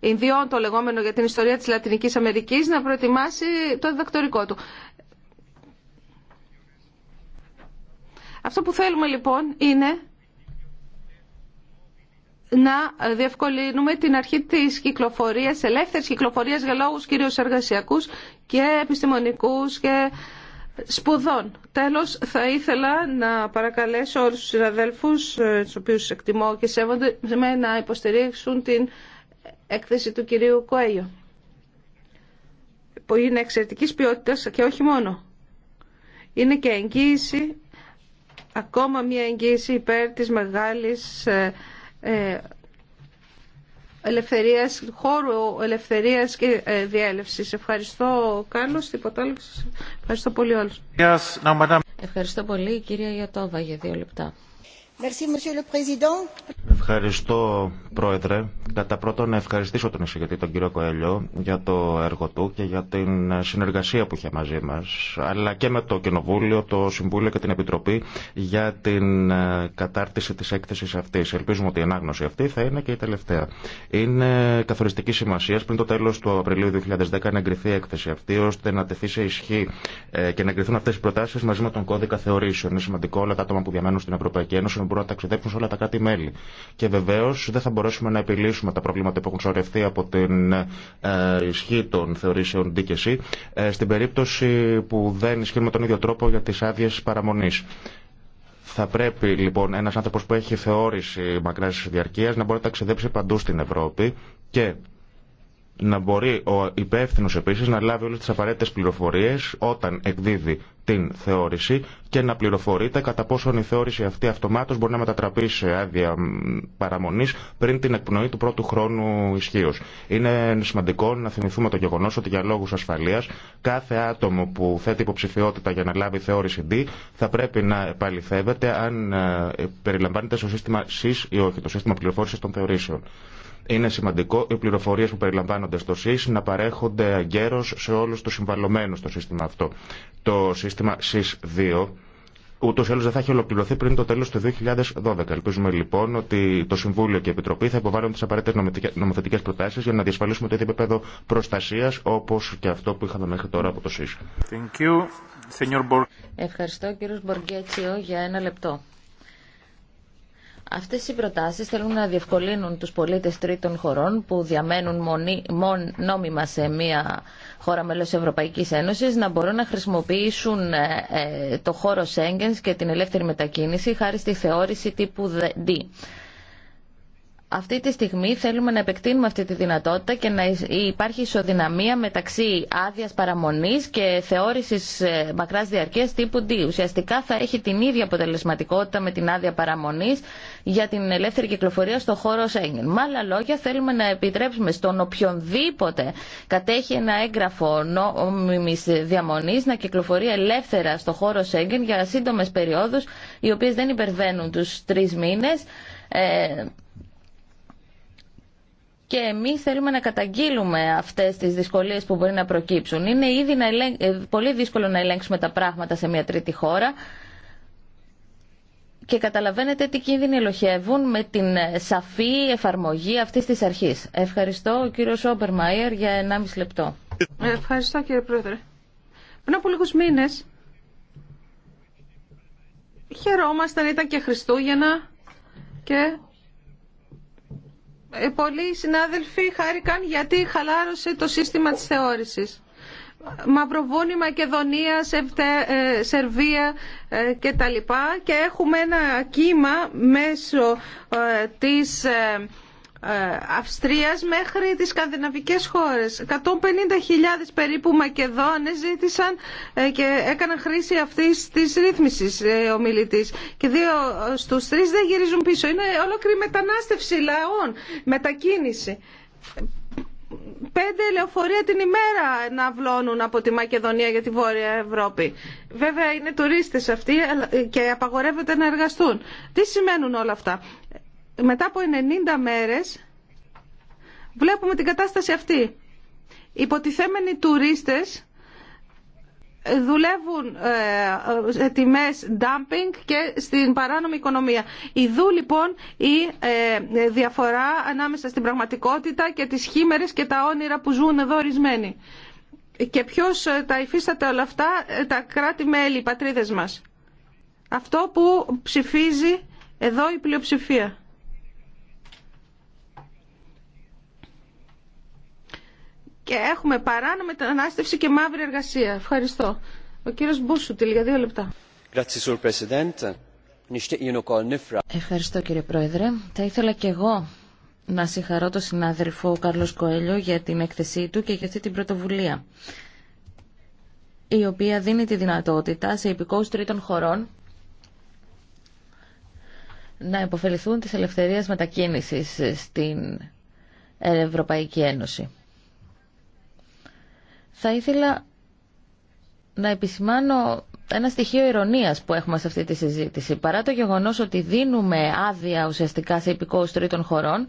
Ινδιών το λεγόμενο για την ιστορία της Λατινικής Αμερικής να προετοιμάσει το διδακτορικό του. Αυτό που θέλουμε λοιπόν είναι να διευκολύνουμε την αρχή της κυκλοφορίας, ελεύθερης κυκλοφορίας για λόγους κυρίως εργασιακούς και επιστημονικούς και σπουδών. Τέλος, θα ήθελα να παρακαλέσω όλους τους συναδέλφους, ε, τους οποίους εκτιμώ και σέβονται, να υποστηρίξουν την έκθεση του κυρίου Κοέλιο, που είναι εξαιρετικής ποιότητας και όχι μόνο. Είναι και εγγύηση, ακόμα μια εγγύηση υπέρ της μεγάλης ε, ε, ελευθερίας, χώρου ελευθερίας και ε, διέλευσης. Ευχαριστώ Κάρλος, την Ευχαριστώ πολύ όλους. Ευχαριστώ πολύ κυρία Γιατόβα για δύο λεπτά. Ευχαριστώ, Πρόεδρε. Κατά πρώτον, να ευχαριστήσω τον εισηγητή, τον κύριο Κοέλιο, για το έργο του και για την συνεργασία που είχε μαζί μα, αλλά και με το Κοινοβούλιο, το Συμβούλιο και την Επιτροπή για την ε, κατάρτιση τη έκθεση αυτή. Ελπίζουμε ότι η ανάγνωση αυτή θα είναι και η τελευταία. Είναι καθοριστική σημασία πριν το τέλο του Απριλίου 2010 να εγκριθεί η έκθεση αυτή, ώστε να τεθεί σε ισχύ ε, και να εγκριθούν αυτέ οι προτάσει μαζί με τον κώδικα θεωρήσεων. Είναι σημαντικό όλα τα άτομα που διαμένουν στην Ευρωπαϊκή Ένωση μπορούν να ταξιδέψουν σε όλα τα κράτη-μέλη. Και βεβαίω δεν θα μπορέσουμε να επιλύσουμε τα προβλήματα που έχουν σωρευτεί από την ε, ισχύ των θεωρήσεων ε, στην περίπτωση που δεν ισχύουν με τον ίδιο τρόπο για τι άδειε παραμονή. Θα πρέπει λοιπόν ένα άνθρωπο που έχει θεώρηση μακρά διαρκεία να μπορεί να ταξιδέψει παντού στην Ευρώπη και να μπορεί ο υπεύθυνο επίση να λάβει όλε τι απαραίτητε πληροφορίε όταν εκδίδει την θεώρηση και να πληροφορείται κατά πόσον η θεώρηση αυτή αυτομάτω μπορεί να μετατραπεί σε άδεια παραμονή πριν την εκπνοή του πρώτου χρόνου ισχύω. Είναι σημαντικό να θυμηθούμε το γεγονό ότι για λόγου ασφαλεία κάθε άτομο που θέτει υποψηφιότητα για να λάβει θεώρηση D θα πρέπει να επαληθεύεται αν ε, περιλαμβάνεται στο σύστημα SIS ή όχι, το σύστημα πληροφόρηση των θεωρήσεων. Είναι σημαντικό οι πληροφορίε που περιλαμβάνονται στο ΣΥΣ να παρέχονται αγκαίρω σε όλου του συμβαλωμένου στο σύστημα αυτό. Το σύστημα ΣΥΣ 2 ούτω ή άλλω δεν θα έχει ολοκληρωθεί πριν το τέλο του 2012. Ελπίζουμε λοιπόν ότι το Συμβούλιο και η Επιτροπή θα υποβάλουν τι απαραίτητε νομοθετικέ προτάσει για να διασφαλίσουμε το ίδιο επίπεδο προστασία όπω και αυτό που είχαμε μέχρι τώρα από το ΣΥΣ. Ευχαριστώ κύριο Μποργέτσιο για ένα λεπτό. Αυτές οι προτάσεις θέλουν να διευκολύνουν τους πολίτες τρίτων χωρών που διαμένουν μονή, νόμιμα σε μία χώρα μέλος Ευρωπαϊκής Ένωσης να μπορούν να χρησιμοποιήσουν ε, ε, το χώρο Σέγγενς και την ελεύθερη μετακίνηση χάρη στη θεώρηση τύπου D. Αυτή τη στιγμή θέλουμε να επεκτείνουμε αυτή τη δυνατότητα και να υπάρχει ισοδυναμία μεταξύ άδεια παραμονή και θεώρηση ε, μακρά διαρκεία τύπου D. Ουσιαστικά θα έχει την ίδια αποτελεσματικότητα με την άδεια παραμονή για την ελεύθερη κυκλοφορία στο χώρο Σέγγεν. Με άλλα λόγια, θέλουμε να επιτρέψουμε στον οποιονδήποτε κατέχει ένα έγγραφο νόμιμη διαμονή να κυκλοφορεί ελεύθερα στο χώρο Σέγγεν για σύντομε περιόδου, οι οποίε δεν υπερβαίνουν του τρει μήνε. Ε, και εμείς θέλουμε να καταγγείλουμε αυτές τις δυσκολίες που μπορεί να προκύψουν. Είναι ήδη ε, πολύ δύσκολο να ελέγξουμε τα πράγματα σε μια τρίτη χώρα και καταλαβαίνετε τι κίνδυνοι ελοχεύουν με την ε, σαφή εφαρμογή αυτής της αρχής. Ευχαριστώ κύριο Σόμπερ Μάιερ για 1,5 λεπτό. Ευχαριστώ κύριε Πρόεδρε. Πριν από λίγου μήνε, χαιρόμασταν, ήταν και Χριστούγεννα και ε, πολλοί συνάδελφοι χάρηκαν γιατί χαλάρωσε το σύστημα της θεώρησης. Μαυροβούνη, Μακεδονία, ε, Σερβία ε, και τα λοιπά και έχουμε ένα κύμα μέσω της ε, Αυστρίας μέχρι τις σκανδιναβικές χώρες. 150.000 περίπου Μακεδόνες ζήτησαν ε, και έκαναν χρήση αυτής της ρύθμισης ε, ο μιλητής. Και δύο στους τρεις δεν γυρίζουν πίσω. Είναι ολόκληρη μετανάστευση λαών, μετακίνηση. Πέντε λεωφορεία την ημέρα να βλώνουν από τη Μακεδονία για τη Βόρεια Ευρώπη. Βέβαια είναι τουρίστες αυτοί και απαγορεύεται να εργαστούν. Τι σημαίνουν όλα αυτά μετά από 90 μέρες βλέπουμε την κατάσταση αυτή. Υποτιθέμενοι τουρίστες ε, δουλεύουν ε, σε τιμές dumping και στην παράνομη οικονομία. Ιδού λοιπόν η ε, διαφορά ανάμεσα στην πραγματικότητα και τις χήμερες και τα όνειρα που ζουν εδώ ορισμένοι. Και ποιος τα υφίσταται όλα αυτά, τα κράτη-μέλη, οι πατρίδες μας. Αυτό που ψηφίζει εδώ η πλειοψηφία. και έχουμε παράνομη μετανάστευση και μαύρη εργασία. Ευχαριστώ. Ο κύριος Μπούσουτιλ για δύο λεπτά. Ευχαριστώ κύριε Πρόεδρε. Θα ήθελα και εγώ να συγχαρώ τον συνάδελφο Κάρλος Κοέλιο για την έκθεσή του και για αυτή την πρωτοβουλία η οποία δίνει τη δυνατότητα σε υπηκόους τρίτων χωρών να υποφεληθούν της ελευθερίας μετακίνησης στην Ευρωπαϊκή Ένωση. Θα ήθελα να επισημάνω ένα στοιχείο ηρωνίας που έχουμε σε αυτή τη συζήτηση. Παρά το γεγονός ότι δίνουμε άδεια ουσιαστικά σε υπηκόους τρίτων χωρών,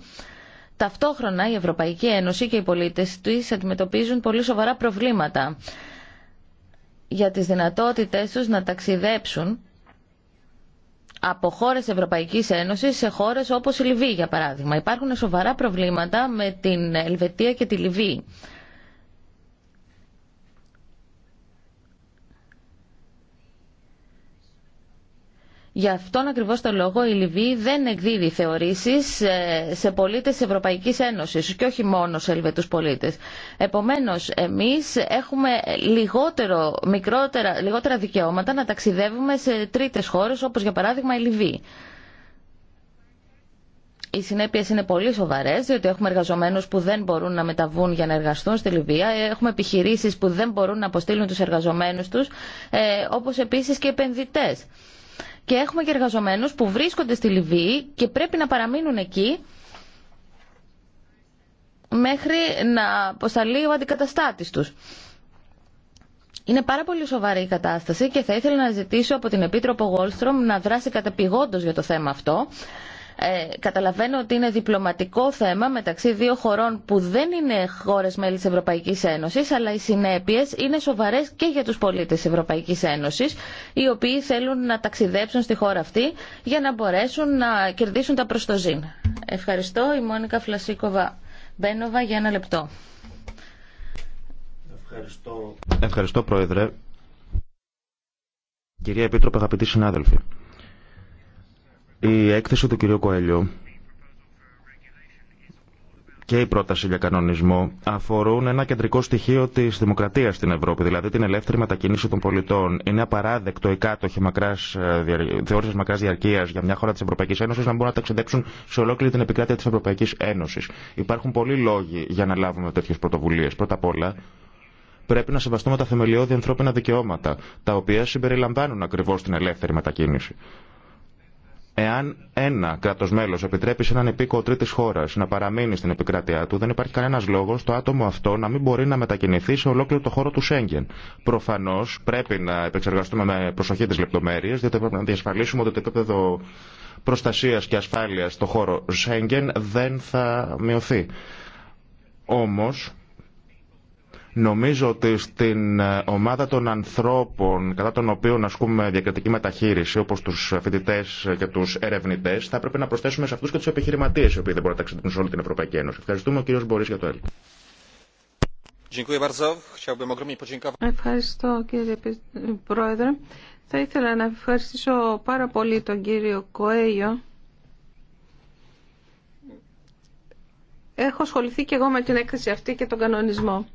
ταυτόχρονα η Ευρωπαϊκή Ένωση και οι πολίτες της αντιμετωπίζουν πολύ σοβαρά προβλήματα για τις δυνατότητες τους να ταξιδέψουν από χώρε Ευρωπαϊκή Ένωση σε χώρε όπω η Λιβύη, για παράδειγμα. Υπάρχουν σοβαρά προβλήματα με την Ελβετία και τη Λιβύη. Γι' αυτόν ακριβώ το λόγο η Λιβύη δεν εκδίδει θεωρήσεις ε, σε πολίτε τη Ευρωπαϊκής Ένωσης και όχι μόνο σε Ελβετούς πολίτε. Επομένω, εμεί έχουμε λιγότερο, μικρότερα, λιγότερα δικαιώματα να ταξιδεύουμε σε τρίτε χώρε, όπω για παράδειγμα η Λιβύη. Οι συνέπειε είναι πολύ σοβαρέ, διότι έχουμε εργαζομένου που δεν μπορούν να μεταβούν για να εργαστούν στη Λιβύη, έχουμε επιχειρήσει που δεν μπορούν να αποστείλουν του εργαζομένου του, ε, όπω επίση και επενδυτέ και έχουμε και εργαζομένους που βρίσκονται στη Λιβύη και πρέπει να παραμείνουν εκεί μέχρι να αποσταλεί ο αντικαταστάτης τους. Είναι πάρα πολύ σοβαρή η κατάσταση και θα ήθελα να ζητήσω από την Επίτροπο Γόλστρομ να δράσει καταπηγόντως για το θέμα αυτό ε, καταλαβαίνω ότι είναι διπλωματικό θέμα μεταξύ δύο χωρών που δεν είναι χώρες μέλη της Ευρωπαϊκής Ένωσης, αλλά οι συνέπειες είναι σοβαρές και για τους πολίτες της Ευρωπαϊκής Ένωσης, οι οποίοι θέλουν να ταξιδέψουν στη χώρα αυτή για να μπορέσουν να κερδίσουν τα προστοζήν. Ευχαριστώ. Η Μόνικα Φλασίκοβα Μπένοβα για ένα λεπτό. Ευχαριστώ. Ευχαριστώ, Πρόεδρε. Κυρία Επίτροπε, αγαπητοί συνάδελφοι. Η έκθεση του κ. Κοέλιο και η πρόταση για κανονισμό αφορούν ένα κεντρικό στοιχείο τη δημοκρατία στην Ευρώπη, δηλαδή την ελεύθερη μετακίνηση των πολιτών. Είναι απαράδεκτο οι κάτοχοι ε, θεώρηση μακρά διαρκεία για μια χώρα τη Ευρωπαϊκή Ένωση να μπορούν να ταξιδέψουν σε ολόκληρη την επικράτεια τη Ευρωπαϊκή Ένωση. Υπάρχουν πολλοί λόγοι για να λάβουμε τέτοιε πρωτοβουλίε. Πρώτα απ' όλα, πρέπει να σεβαστούμε τα θεμελιώδη ανθρώπινα δικαιώματα, τα οποία συμπεριλαμβάνουν ακριβώ την ελεύθερη μετακίνηση. Εάν ένα κράτο μέλο επιτρέπει σε έναν υπήκοο τρίτη χώρα να παραμείνει στην επικράτειά του, δεν υπάρχει κανένα λόγο το άτομο αυτό να μην μπορεί να μετακινηθεί σε ολόκληρο το χώρο του Σέγγεν. Προφανώ πρέπει να επεξεργαστούμε με προσοχή τι λεπτομέρειε, διότι πρέπει να διασφαλίσουμε ότι το επίπεδο προστασία και ασφάλεια στο χώρο Σέγγεν δεν θα μειωθεί. Όμω, Νομίζω ότι στην ε, ομάδα των ανθρώπων κατά των οποίων ασκούμε διακριτική μεταχείριση, όπω του φοιτητέ ε, και του ερευνητέ, θα πρέπει να προσθέσουμε σε αυτού και του επιχειρηματίε, οι οποίοι δεν μπορούν να ταξιδέψουν σε όλη την Ευρωπαϊκή Ένωση. Ευχαριστούμε ο κύριο Μπορή για το έλεγχο. Ευχαριστώ κύριε Πρόεδρε. Θα ήθελα να ευχαριστήσω πάρα πολύ τον κύριο Κοέλιο. Έχω ασχοληθεί και εγώ με την έκθεση αυτή και τον κανονισμό.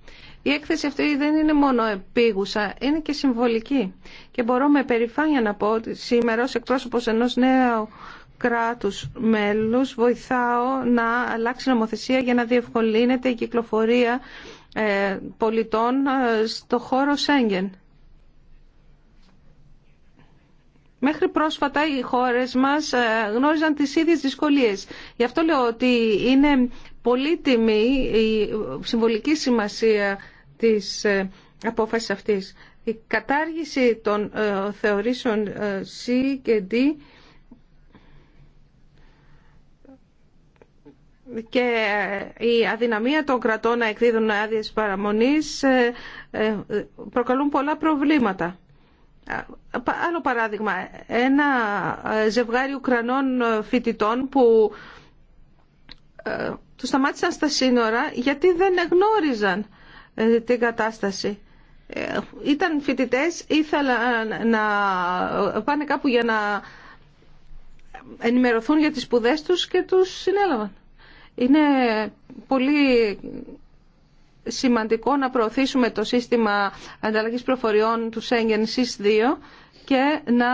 Η έκθεση αυτή δεν είναι μόνο επίγουσα, είναι και συμβολική. Και μπορώ με περηφάνεια να πω ότι σήμερα ως εκπρόσωπος ενός νέου κράτους μέλους βοηθάω να αλλάξει νομοθεσία για να διευκολύνεται η κυκλοφορία ε, πολιτών ε, στο χώρο Σέγγεν. Μέχρι πρόσφατα οι χώρες μας ε, γνώριζαν τις ίδιες δυσκολίες. Γι' αυτό λέω ότι είναι πολύτιμη η συμβολική σημασία της ε, απόφασης αυτής. Η κατάργηση των ε, θεωρήσεων ε, C και D και η αδυναμία των κρατών να εκδίδουν άδειες παραμονής προκαλούν πολλά προβλήματα. Άλλο παράδειγμα, ένα ζευγάρι Ουκρανών φοιτητών που τους σταμάτησαν στα σύνορα γιατί δεν εγνώριζαν ε, την κατάσταση. Ε, ήταν φοιτητές, ήθελαν να πάνε κάπου για να ενημερωθούν για τις σπουδές τους και τους συνέλαβαν. Είναι πολύ σημαντικό να προωθήσουμε το σύστημα ανταλλαγής προφοριών του Σέγγεν ΣΥΣ 2 και να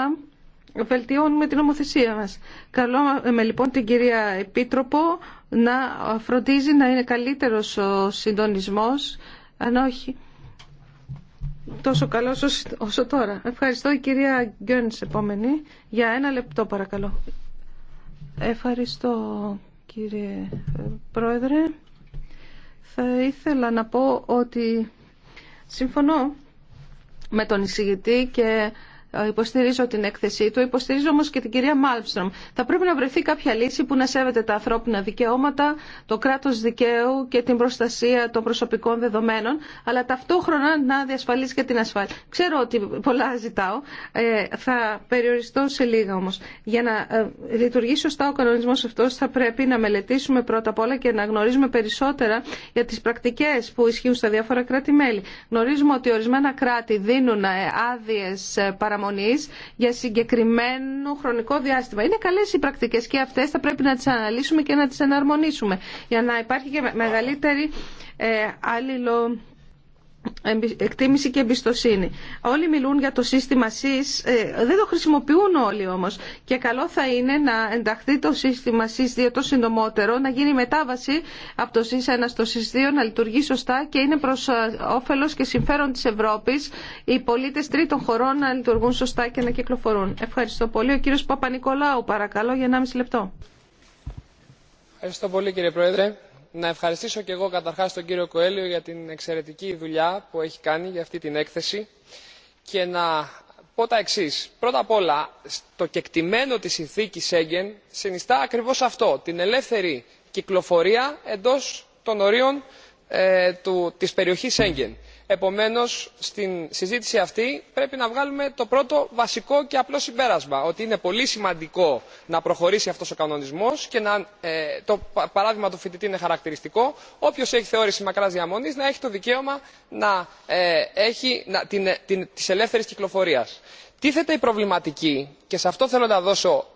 βελτιώνουμε την ομοθεσία μας. Καλό με λοιπόν την κυρία Επίτροπο να φροντίζει να είναι καλύτερος ο συντονισμός αν όχι τόσο καλό όσο τώρα. Ευχαριστώ η κυρία Γκιόνις επόμενη. Για ένα λεπτό παρακαλώ. Ευχαριστώ κύριε ε, Πρόεδρε. Θα ήθελα να πω ότι συμφωνώ με τον εισηγητή και Υποστηρίζω την έκθεσή του, υποστηρίζω όμω και την κυρία Μάλμστρομ. Θα πρέπει να βρεθεί κάποια λύση που να σέβεται τα ανθρώπινα δικαιώματα, το κράτο δικαίου και την προστασία των προσωπικών δεδομένων, αλλά ταυτόχρονα να διασφαλίσει και την ασφάλεια. Ξέρω ότι πολλά ζητάω, ε, θα περιοριστώ σε λίγα όμω. Για να ε, λειτουργήσει σωστά ο κανονισμό αυτό, θα πρέπει να μελετήσουμε πρώτα απ' όλα και να γνωρίζουμε περισσότερα για τι πρακτικέ που ισχύουν στα διάφορα κράτη-μέλη. Γνωρίζουμε ότι ορισμένα κράτη δίνουν ε, άδειε παραμονή για συγκεκριμένο χρονικό διάστημα. Είναι καλές οι πρακτικές και αυτές θα πρέπει να τις αναλύσουμε και να τις εναρμονίσουμε για να υπάρχει και μεγαλύτερη ε, αλληλο εκτίμηση και εμπιστοσύνη. Όλοι μιλούν για το σύστημα ΣΥΣ, ε, δεν το χρησιμοποιούν όλοι όμως και καλό θα είναι να ενταχθεί το σύστημα ΣΥΣ 2 το συντομότερο, να γίνει μετάβαση από το ΣΥΣ 1 στο ΣΥΣ 2, να λειτουργεί σωστά και είναι προς ε, όφελος και συμφέρον της Ευρώπης οι πολίτες τρίτων χωρών να λειτουργούν σωστά και να κυκλοφορούν. Ευχαριστώ πολύ. Ο κύριος Παπα-Νικολάου παρακαλώ για 1,5 λεπτό. Ευχαριστώ πολύ κύριε Πρόεδρε να ευχαριστήσω και εγώ καταρχάς τον κύριο Κοέλιο για την εξαιρετική δουλειά που έχει κάνει για αυτή την έκθεση και να πω τα εξή. Πρώτα απ' όλα, το κεκτημένο της συνθήκης Σέγγεν συνιστά ακριβώς αυτό, την ελεύθερη κυκλοφορία εντός των ορίων ε, του, της περιοχής Σέγγεν επομένως στην συζήτηση αυτή πρέπει να βγάλουμε το πρώτο βασικό και απλό συμπέρασμα ότι είναι πολύ σημαντικό να προχωρήσει αυτός ο κανονισμός και ε, το παράδειγμα του φοιτητή είναι χαρακτηριστικό όποιος έχει θεώρηση μακράς διαμονής να έχει το δικαίωμα ε, ε, της ελεύθερης κυκλοφορίας. τίθεται η προβληματική και σε αυτό θέλω να δώσω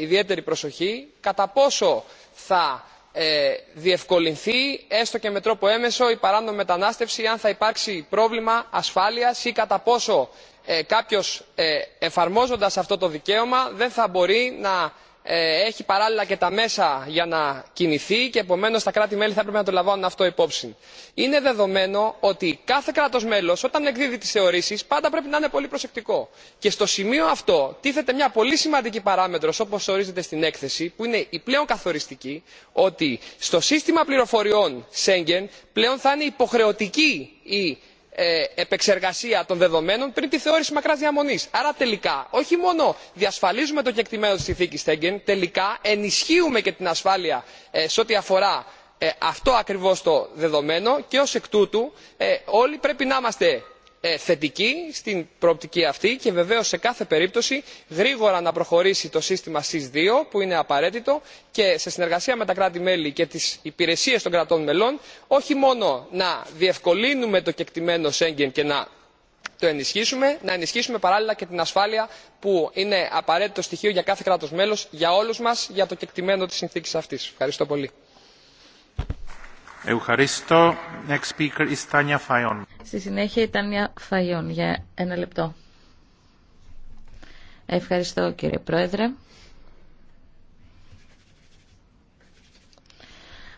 ιδιαίτερη προσοχή κατά πόσο θα ε, διευκολυνθεί έστω και με τρόπο έμεσο η παράνομη μετανάστευση αν θα υπάρξει πρόβλημα ασφάλειας ή κατά πόσο ε, κάποιος ε, εφαρμόζοντας αυτό το δικαίωμα δεν θα μπορεί να ε, έχει παράλληλα και τα μέσα για να κινηθεί και επομένως τα κράτη μέλη θα έπρεπε να το λαμβάνουν αυτό υπόψη. είναι δεδομένο ότι κάθε κράτος μέλος όταν εκδίδει τις θεωρήσεις πάντα πρέπει να είναι πολύ προσεκτικό και στο σημείο αυτό τίθεται μια πολύ σημαντική παράμετρος όπως ορίζεται στην έκθεση που είναι η πλέον καθοριστική ότι στο σύστημα πληροφοριών σέγγεν πλέον θα είναι υποχρεωτική η ε, επεξεργασία των δεδομένων πριν τη θεώρηση μακράς διαμονής. άρα τελικά όχι μόνο διασφαλίζουμε το κεκτημένο τη συνθήκη σέγγεν τελικά ενισχύουμε και την ασφάλεια ε, σε ό,τι αφορά ε, αυτό ακριβώς το δεδομένο και ως εκ τούτου όλοι πρέπει να είμαστε ε, θετική στην προοπτική αυτή και βεβαίως σε κάθε περίπτωση γρήγορα να προχωρήσει το σύστημα sis ii που είναι απαραίτητο και σε συνεργασία με τα κράτη μέλη και τις υπηρεσίες των κρατών μελών όχι μόνο να διευκολύνουμε το κεκτημένο σέγγεν και να το ενισχύσουμε να ενισχύσουμε παράλληλα και την ασφάλεια που είναι απαραίτητο στοιχείο για κάθε κράτος μέλος για όλους μας για το κεκτημένο της συνθήκης αυτής. ευχαριστώ πολύ. Ευχαριστώ. Next speaker Στη συνέχεια η Τάνια Φαϊόν για ένα λεπτό. Ευχαριστώ κύριε Πρόεδρε.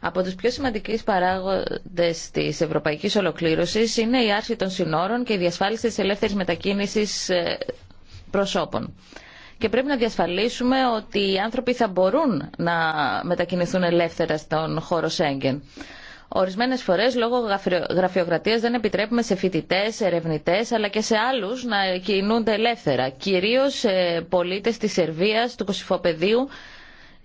Από τους πιο σημαντικούς παράγοντες της ευρωπαϊκής ολοκλήρωσης είναι η άρση των συνόρων και η διασφάλιση της ελεύθερης μετακίνησης ε, προσώπων. Και πρέπει να διασφαλίσουμε ότι οι άνθρωποι θα μπορούν να μετακινηθούν ελεύθερα στον χώρο Σέγγεν. Ορισμένε φορέ λόγω γραφειοκρατία δεν επιτρέπουμε σε φοιτητέ, ερευνητέ αλλά και σε άλλου να κινούνται ελεύθερα. Κυρίω πολίτε τη Σερβία, του Κωσυφοπεδίου,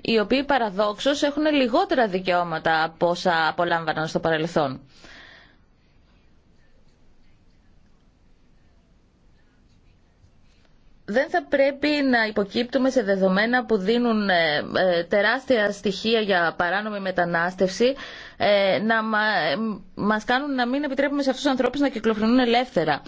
οι οποίοι παραδόξω έχουν λιγότερα δικαιώματα από όσα απολάμβαναν στο παρελθόν. δεν θα πρέπει να υποκύπτουμε σε δεδομένα που δίνουν ε, ε, τεράστια στοιχεία για παράνομη μετανάστευση ε, να μας κάνουν να μην επιτρέπουμε σε αυτούς τους ανθρώπους να κυκλοφορούν ελεύθερα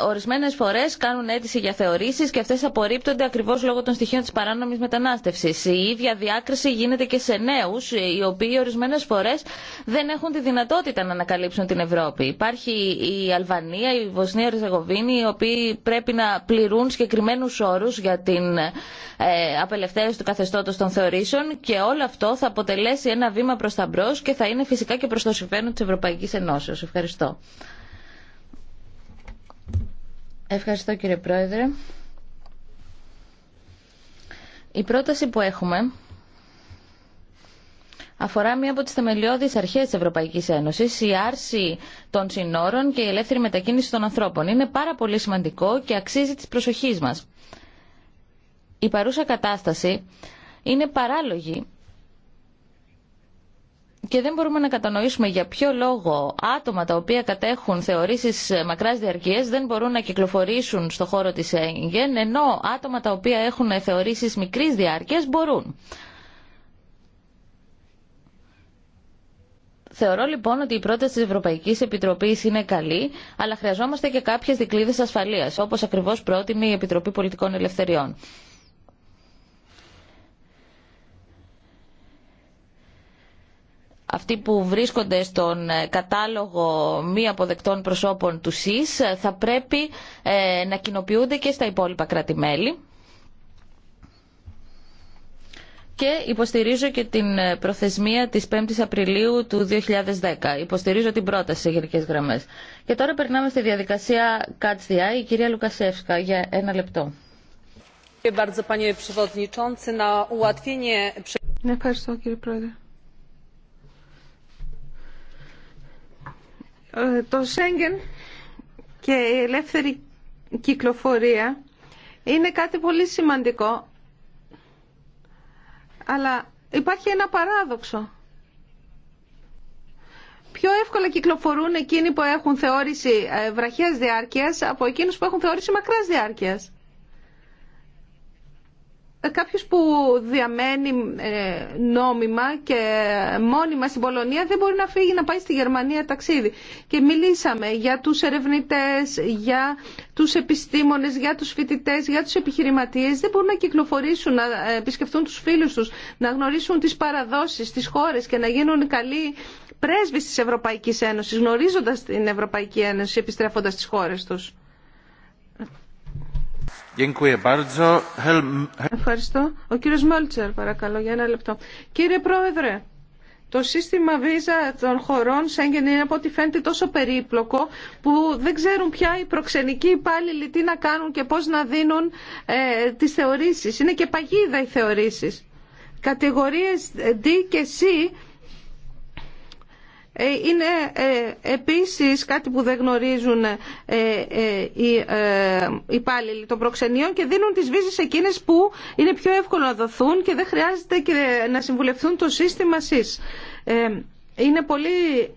ορισμένες φορές κάνουν αίτηση για θεωρήσεις και αυτές απορρίπτονται ακριβώς λόγω των στοιχείων της παράνομης μετανάστευσης. Η ίδια διάκριση γίνεται και σε νέους, οι οποίοι ορισμένες φορές δεν έχουν τη δυνατότητα να ανακαλύψουν την Ευρώπη. Υπάρχει η Αλβανία, η Βοσνία, η Ριζεγοβίνη, οι οποίοι πρέπει να πληρούν συγκεκριμένου όρους για την ε, απελευθέρωση του καθεστώτος των θεωρήσεων και όλο αυτό θα αποτελέσει ένα βήμα προς τα μπρο και θα είναι φυσικά και προς το συμφέρον τη Ευρωπαϊκής Ευχαριστώ. Ευχαριστώ κύριε Πρόεδρε. Η πρόταση που έχουμε αφορά μία από τις θεμελιώδεις αρχές της Ευρωπαϊκής Ένωσης, η άρση των συνόρων και η ελεύθερη μετακίνηση των ανθρώπων. Είναι πάρα πολύ σημαντικό και αξίζει της προσοχής μας. Η παρούσα κατάσταση είναι παράλογη και δεν μπορούμε να κατανοήσουμε για ποιο λόγο άτομα τα οποία κατέχουν θεωρήσεις μακράς διαρκεία δεν μπορούν να κυκλοφορήσουν στο χώρο της Έγγεν, ενώ άτομα τα οποία έχουν θεωρήσει μικρής διάρκειας μπορούν. Θεωρώ λοιπόν ότι η πρόταση τη Ευρωπαϊκής επιτροπή είναι καλή, αλλά χρειαζόμαστε και κάποιε δικλείδε ασφαλεία, όπω ακριβώ πρότεινε η Επιτροπή Πολιτικών Ελευθεριών. αυτοί που βρίσκονται στον ε, κατάλογο μη αποδεκτών προσώπων του ΣΥΣ ε, θα πρέπει ε, να κοινοποιούνται και στα υπόλοιπα κράτη-μέλη. Και υποστηρίζω και την προθεσμία της 5ης Απριλίου του 2010. Υποστηρίζω την πρόταση σε γενικές γραμμές. Και τώρα περνάμε στη διαδικασία Catch Η κυρία Λουκασεύσκα για ένα λεπτό. Ευχαριστώ κύριε Πρόεδρε. Ε, το Σέγγεν και η ελεύθερη κυκλοφορία είναι κάτι πολύ σημαντικό, αλλά υπάρχει ένα παράδοξο. Πιο εύκολα κυκλοφορούν εκείνοι που έχουν θεώρηση ε, βραχιάς διάρκειας από εκείνους που έχουν θεώρηση μακράς διάρκειας. Κάποιο που διαμένει ε, νόμιμα και μόνιμα στην Πολωνία δεν μπορεί να φύγει να πάει στη Γερμανία ταξίδι. Και μιλήσαμε για τους ερευνητές, για τους επιστήμονες, για τους φοιτητές, για τους επιχειρηματίες. Δεν μπορούν να κυκλοφορήσουν, να επισκεφτούν τους φίλους τους, να γνωρίσουν τις παραδόσεις, τις χώρες και να γίνουν καλοί πρέσβεις της Ευρωπαϊκής Ένωσης, γνωρίζοντας την Ευρωπαϊκή Ένωση, επιστρέφοντας τις χώρες τους. Ευχαριστώ. Ο κύριος Μόλτσερ, παρακαλώ, για ένα λεπτό. Κύριε Πρόεδρε, το σύστημα βίζα των χωρών Σέγγεν είναι από ό,τι φαίνεται τόσο περίπλοκο που δεν ξέρουν πια οι προξενικοί υπάλληλοι τι να κάνουν και πώς να δίνουν ε, τις θεωρήσεις. Είναι και παγίδα οι θεωρήσεις. Κατηγορίες D και C ε, είναι ε, επίσης κάτι που δεν γνωρίζουν ε, οι υπάλληλοι των προξενείων και δίνουν τις βίζες εκείνες που είναι πιο εύκολο να δοθούν και δεν χρειάζεται να συμβουλευτούν το σύστημα ΣΥΣ. Είναι πολύ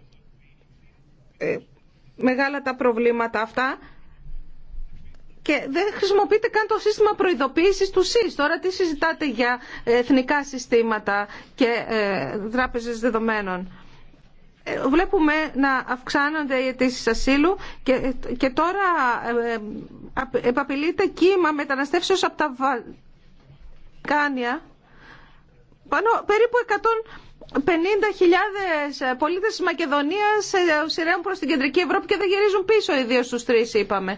μεγάλα τα προβλήματα αυτά και δεν χρησιμοποιείται καν το σύστημα προειδοποίησης του ΣΥΣ. Τώρα τι συζητάτε για εθνικά συστήματα και δράπεζες δεδομένων. Ε, βλέπουμε να αυξάνονται οι αιτήσει ασύλου και, και τώρα ε, επαπειλείται κύμα μεταναστεύσεως από τα Βαλκάνια πάνω περίπου 150.000 πολίτες της Μακεδονίας ε, σειραίουν προς την Κεντρική Ευρώπη και δεν γυρίζουν πίσω, ιδίω στους τρεις είπαμε.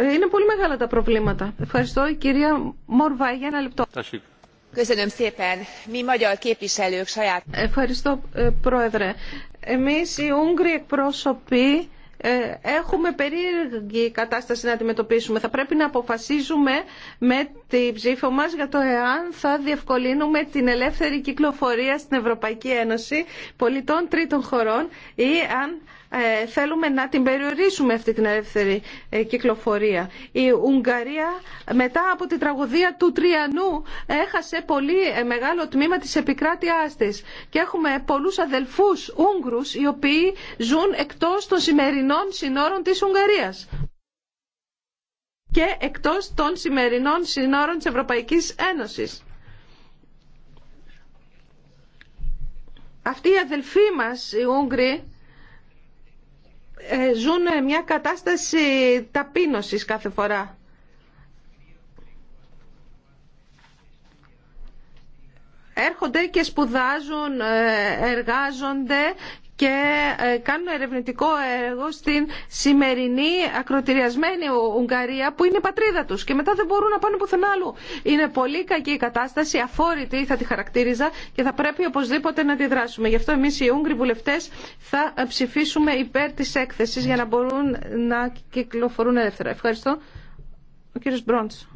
Είναι πολύ μεγάλα τα προβλήματα. Ευχαριστώ κυρία Μόρβα για ένα λεπτό. Ευχαριστώ, Πρόεδρε. Εμείς οι Ούγγροι εκπρόσωποι ε, έχουμε περίεργη κατάσταση να αντιμετωπίσουμε. Θα πρέπει να αποφασίζουμε με τη ψήφο μας για το εάν θα διευκολύνουμε την ελεύθερη κυκλοφορία στην Ευρωπαϊκή Ένωση πολιτών τρίτων χωρών ή αν ε, θέλουμε να την περιορίσουμε αυτή την ελεύθερη ε, κυκλοφορία. Η Ουγγαρία μετά από τη τραγωδία του Τριανού έχασε πολύ ε, μεγάλο τμήμα της επικράτειάς της και έχουμε πολλούς αδελφούς Ούγγρους οι οποίοι ζουν εκτός των σημερινών συνόρων της Ουγγαρίας και εκτός των σημερινών συνόρων της Ευρωπαϊκής Ένωσης. Αυτοί οι αδελφοί μας, οι Ούγγροι, ε, ζουν μια κατάσταση ταπείνωσης κάθε φορά. έρχονται και σπουδάζουν, ε, εργάζονται και ε, κάνουν ερευνητικό έργο στην σημερινή ακροτηριασμένη Ουγγαρία που είναι η πατρίδα τους και μετά δεν μπορούν να πάνε πουθενά άλλου. Είναι πολύ κακή η κατάσταση, αφόρητη θα τη χαρακτήριζα και θα πρέπει οπωσδήποτε να αντιδράσουμε. Γι' αυτό εμείς οι Ούγγροι βουλευτές θα ε, ψηφίσουμε υπέρ της έκθεσης για να μπορούν να κυκλοφορούν ελεύθερα. Ευχαριστώ. Ο κύριος Μπρόντς.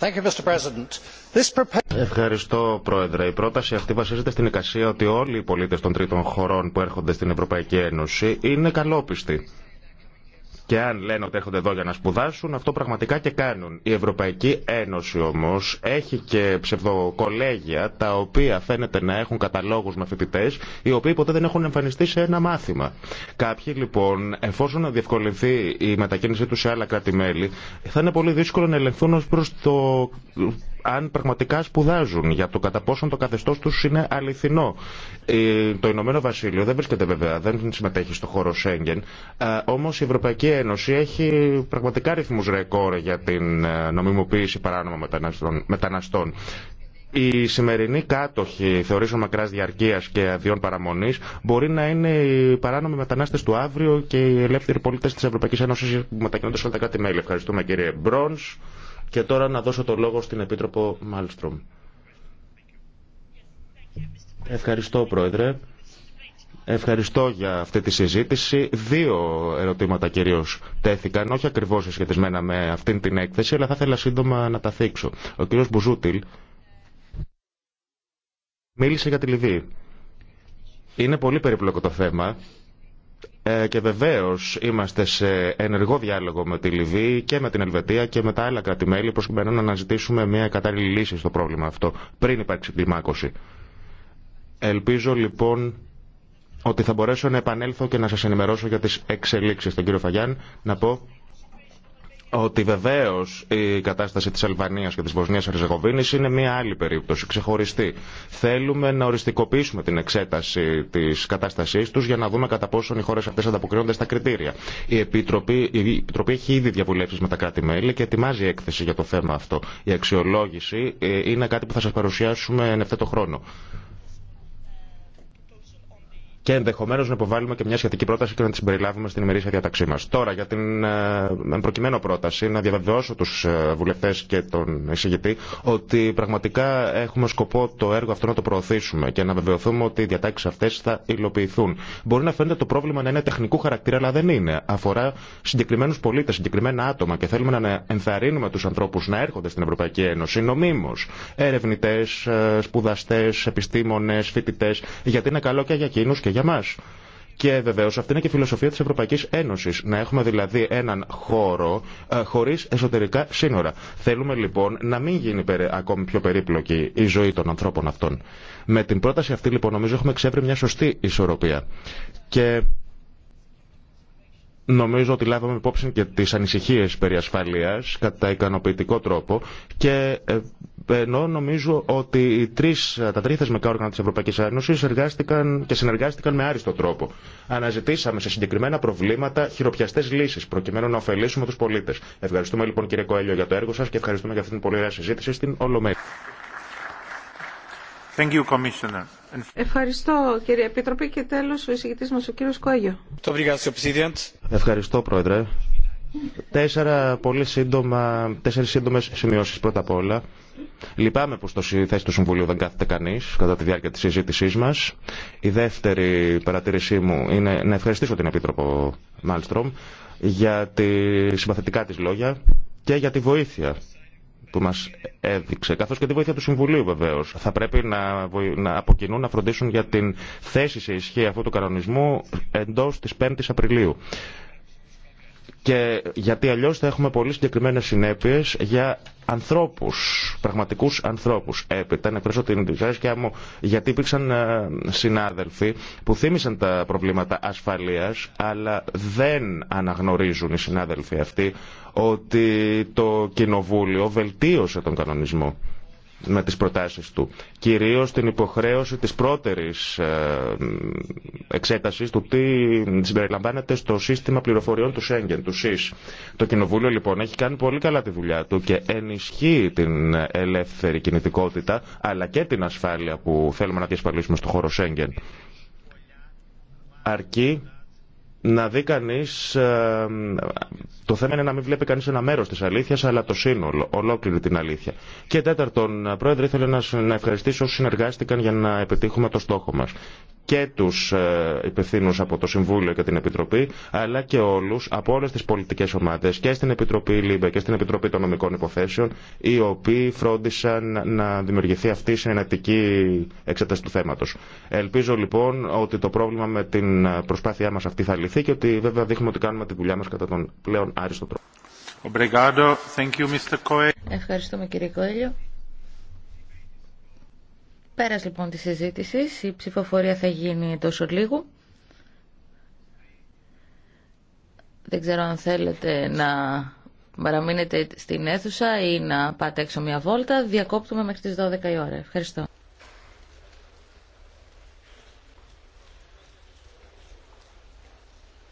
Thank you, Mr. President. Ευχαριστώ, Πρόεδρε. Η πρόταση αυτή βασίζεται στην εικασία ότι όλοι οι πολίτε των τρίτων χωρών που έρχονται στην Ευρωπαϊκή Ένωση είναι καλόπιστοι. Και αν λένε ότι έρχονται εδώ για να σπουδάσουν, αυτό πραγματικά και κάνουν. Η Ευρωπαϊκή Ένωση όμω έχει και ψευδοκολέγια τα οποία φαίνεται να έχουν καταλόγου με φοιτητέ, οι οποίοι ποτέ δεν έχουν εμφανιστεί σε ένα μάθημα. Κάποιοι λοιπόν, εφόσον διευκολυνθεί η μετακίνησή του σε άλλα κράτη-μέλη, θα είναι πολύ δύσκολο να ελεγχθούν ω προ το αν πραγματικά σπουδάζουν, για το κατά πόσο το καθεστώ του είναι αληθινό. Ε, το Ηνωμένο Βασίλειο δεν βρίσκεται βέβαια, δεν συμμετέχει στο χώρο Σέγγεν, ε, όμω η Ευρωπαϊκή Ένωση έχει πραγματικά ρυθμού ρεκόρ για την ε, νομιμοποίηση παράνομων μεταναστών. Οι σημερινοί κάτοχοι θεωρήσεων μακρά διαρκεία και αδειών παραμονή μπορεί να είναι οι παράνομοι μετανάστε του αύριο και οι ελεύθεροι πολίτε τη Ευρωπαϊκή Ένωση που μετακινούνται σε όλα τα κράτη-μέλη. Ευχαριστούμε κύριε Μπρόν. Και τώρα να δώσω το λόγο στην Επίτροπο Μάλστρομ. Ευχαριστώ, Πρόεδρε. Ευχαριστώ για αυτή τη συζήτηση. Δύο ερωτήματα κυρίω τέθηκαν, όχι ακριβώ σχετισμένα με αυτήν την έκθεση, αλλά θα ήθελα σύντομα να τα θίξω. Ο κύριος Μπουζούτιλ μίλησε για τη Λιβύη. Είναι πολύ περίπλοκο το θέμα ε, και βεβαίω είμαστε σε ενεργό διάλογο με τη Λιβύη και με την Ελβετία και με τα άλλα κράτη-μέλη προκειμένου να αναζητήσουμε μια κατάλληλη λύση στο πρόβλημα αυτό πριν υπάρξει κλιμάκωση. Ελπίζω λοιπόν ότι θα μπορέσω να επανέλθω και να σας ενημερώσω για τις εξελίξεις. Τον κύριο Φαγιάν να πω ότι βεβαίω η κατάσταση τη Αλβανία και τη Βοσνία Ερζεγοβίνη είναι μια άλλη περίπτωση, ξεχωριστή. Θέλουμε να οριστικοποιήσουμε την εξέταση τη κατάστασή του για να δούμε κατά πόσον οι χώρε αυτέ ανταποκρίνονται στα κριτήρια. Η Επιτροπή, η Επιτροπή έχει ήδη διαβουλεύσει με τα κράτη-μέλη και ετοιμάζει έκθεση για το θέμα αυτό. Η αξιολόγηση ε, είναι κάτι που θα σα παρουσιάσουμε εν ευθέτω χρόνο και ενδεχομένω να υποβάλουμε και μια σχετική πρόταση και να τη συμπεριλάβουμε στην ημερήσια διάταξή μα. Τώρα, για την ε, προκειμένη πρόταση, να διαβεβαιώσω του ε, βουλευτέ και τον εισηγητή ότι πραγματικά έχουμε σκοπό το έργο αυτό να το προωθήσουμε και να βεβαιωθούμε ότι οι διατάξει αυτέ θα υλοποιηθούν. Μπορεί να φαίνεται το πρόβλημα να είναι τεχνικού χαρακτήρα, αλλά δεν είναι. Αφορά συγκεκριμένου πολίτε, συγκεκριμένα άτομα και θέλουμε να ενθαρρύνουμε του ανθρώπου να έρχονται στην Ευρωπαϊκή Ένωση νομίμω. Ερευνητέ, ε, σπουδαστέ, επιστήμονε, φοιτητέ, γιατί είναι καλό και για εκείνου και για και βεβαίω αυτή είναι και η φιλοσοφία τη Ευρωπαϊκή Ένωση. Να έχουμε δηλαδή έναν χώρο ε, χωρί εσωτερικά σύνορα. Θέλουμε λοιπόν να μην γίνει ακόμη πιο περίπλοκη η ζωή των ανθρώπων αυτών. Με την πρόταση αυτή λοιπόν νομίζω έχουμε ξέβρει μια σωστή ισορροπία. Και Νομίζω ότι λάβαμε υπόψη και τι ανησυχίε περί ασφαλεία κατά ικανοποιητικό τρόπο και ε, ενώ νομίζω ότι οι τρεις, τα τρία θεσμικά όργανα της Ευρωπαϊκής Ένωσης εργάστηκαν και συνεργάστηκαν με άριστο τρόπο. Αναζητήσαμε σε συγκεκριμένα προβλήματα χειροπιαστές λύσεις προκειμένου να ωφελήσουμε τους πολίτες. Ευχαριστούμε λοιπόν κύριε Κοέλιο για το έργο σας και ευχαριστούμε για αυτήν την πολύ ωραία συζήτηση στην Ολομέλη. Thank Ευχαριστώ κύριε Επιτροπή. και τέλος ο εισηγητής μας ο κύριος Κοέλιο. Ευχαριστώ Πρόεδρε. Τέσσερα πολύ σύντομα, τέσσερις σύντομες σημειώσεις πρώτα απ' όλα. Λυπάμαι που στο θέση του Συμβουλίου δεν κάθεται κανεί κατά τη διάρκεια τη συζήτησή μα. Η δεύτερη παρατήρησή μου είναι να ευχαριστήσω την Επίτροπο Μάλστρομ για τη συμπαθητικά τη λόγια και για τη βοήθεια που μα έδειξε, καθώ και τη βοήθεια του Συμβουλίου βεβαίω. Θα πρέπει να, να να φροντίσουν για την θέση σε ισχύ αυτού του κανονισμού εντό τη 5η Απριλίου. Και γιατί αλλιώς θα έχουμε πολύ συγκεκριμένες συνέπειες για ανθρώπους, πραγματικούς ανθρώπους. Έπειτα, να εκπρέσω την γιατί υπήρξαν ε, συνάδελφοι που θύμισαν τα προβλήματα ασφαλείας, αλλά δεν αναγνωρίζουν οι συνάδελφοι αυτοί ότι το Κοινοβούλιο βελτίωσε τον κανονισμό με τις προτάσεις του. Κυρίως την υποχρέωση της πρώτερης ε, εξέτασης του τι συμπεριλαμβάνεται στο σύστημα πληροφοριών του Σέγγεν, του ΣΥΣ. Το Κοινοβούλιο λοιπόν έχει κάνει πολύ καλά τη δουλειά του και ενισχύει την ελεύθερη κινητικότητα αλλά και την ασφάλεια που θέλουμε να διασφαλίσουμε στο χώρο Σέγγεν. Αρκεί να δει κανεί. Ε, το θέμα είναι να μην βλέπει κανεί ένα μέρο τη αλήθεια, αλλά το σύνολο, ολόκληρη την αλήθεια. Και τέταρτον, ε, Πρόεδρε, ήθελα να, να ευχαριστήσω όσου συνεργάστηκαν για να επιτύχουμε το στόχο μα και τους ε, υπευθύνου από το Συμβούλιο και την Επιτροπή, αλλά και όλου, από όλε τι πολιτικέ ομάδε και στην Επιτροπή ΛΥΜΠΕ και στην Επιτροπή των Νομικών Υποθέσεων, οι οποίοι φρόντισαν να δημιουργηθεί αυτή η συνενετική εξέταση του θέματος. Ελπίζω λοιπόν ότι το πρόβλημα με την προσπάθειά μα αυτή θα λυθεί και ότι βέβαια δείχνουμε ότι κάνουμε την δουλειά μα κατά τον πλέον άριστο τρόπο. Ευχαριστούμε κύριε Κοέλιο. Πέρας λοιπόν της συζήτησης, η ψηφοφορία θα γίνει τόσο λίγο. Δεν ξέρω αν θέλετε να παραμείνετε στην αίθουσα ή να πάτε έξω μια βόλτα. Διακόπτουμε μέχρι τις 12 η ώρα. Ευχαριστώ.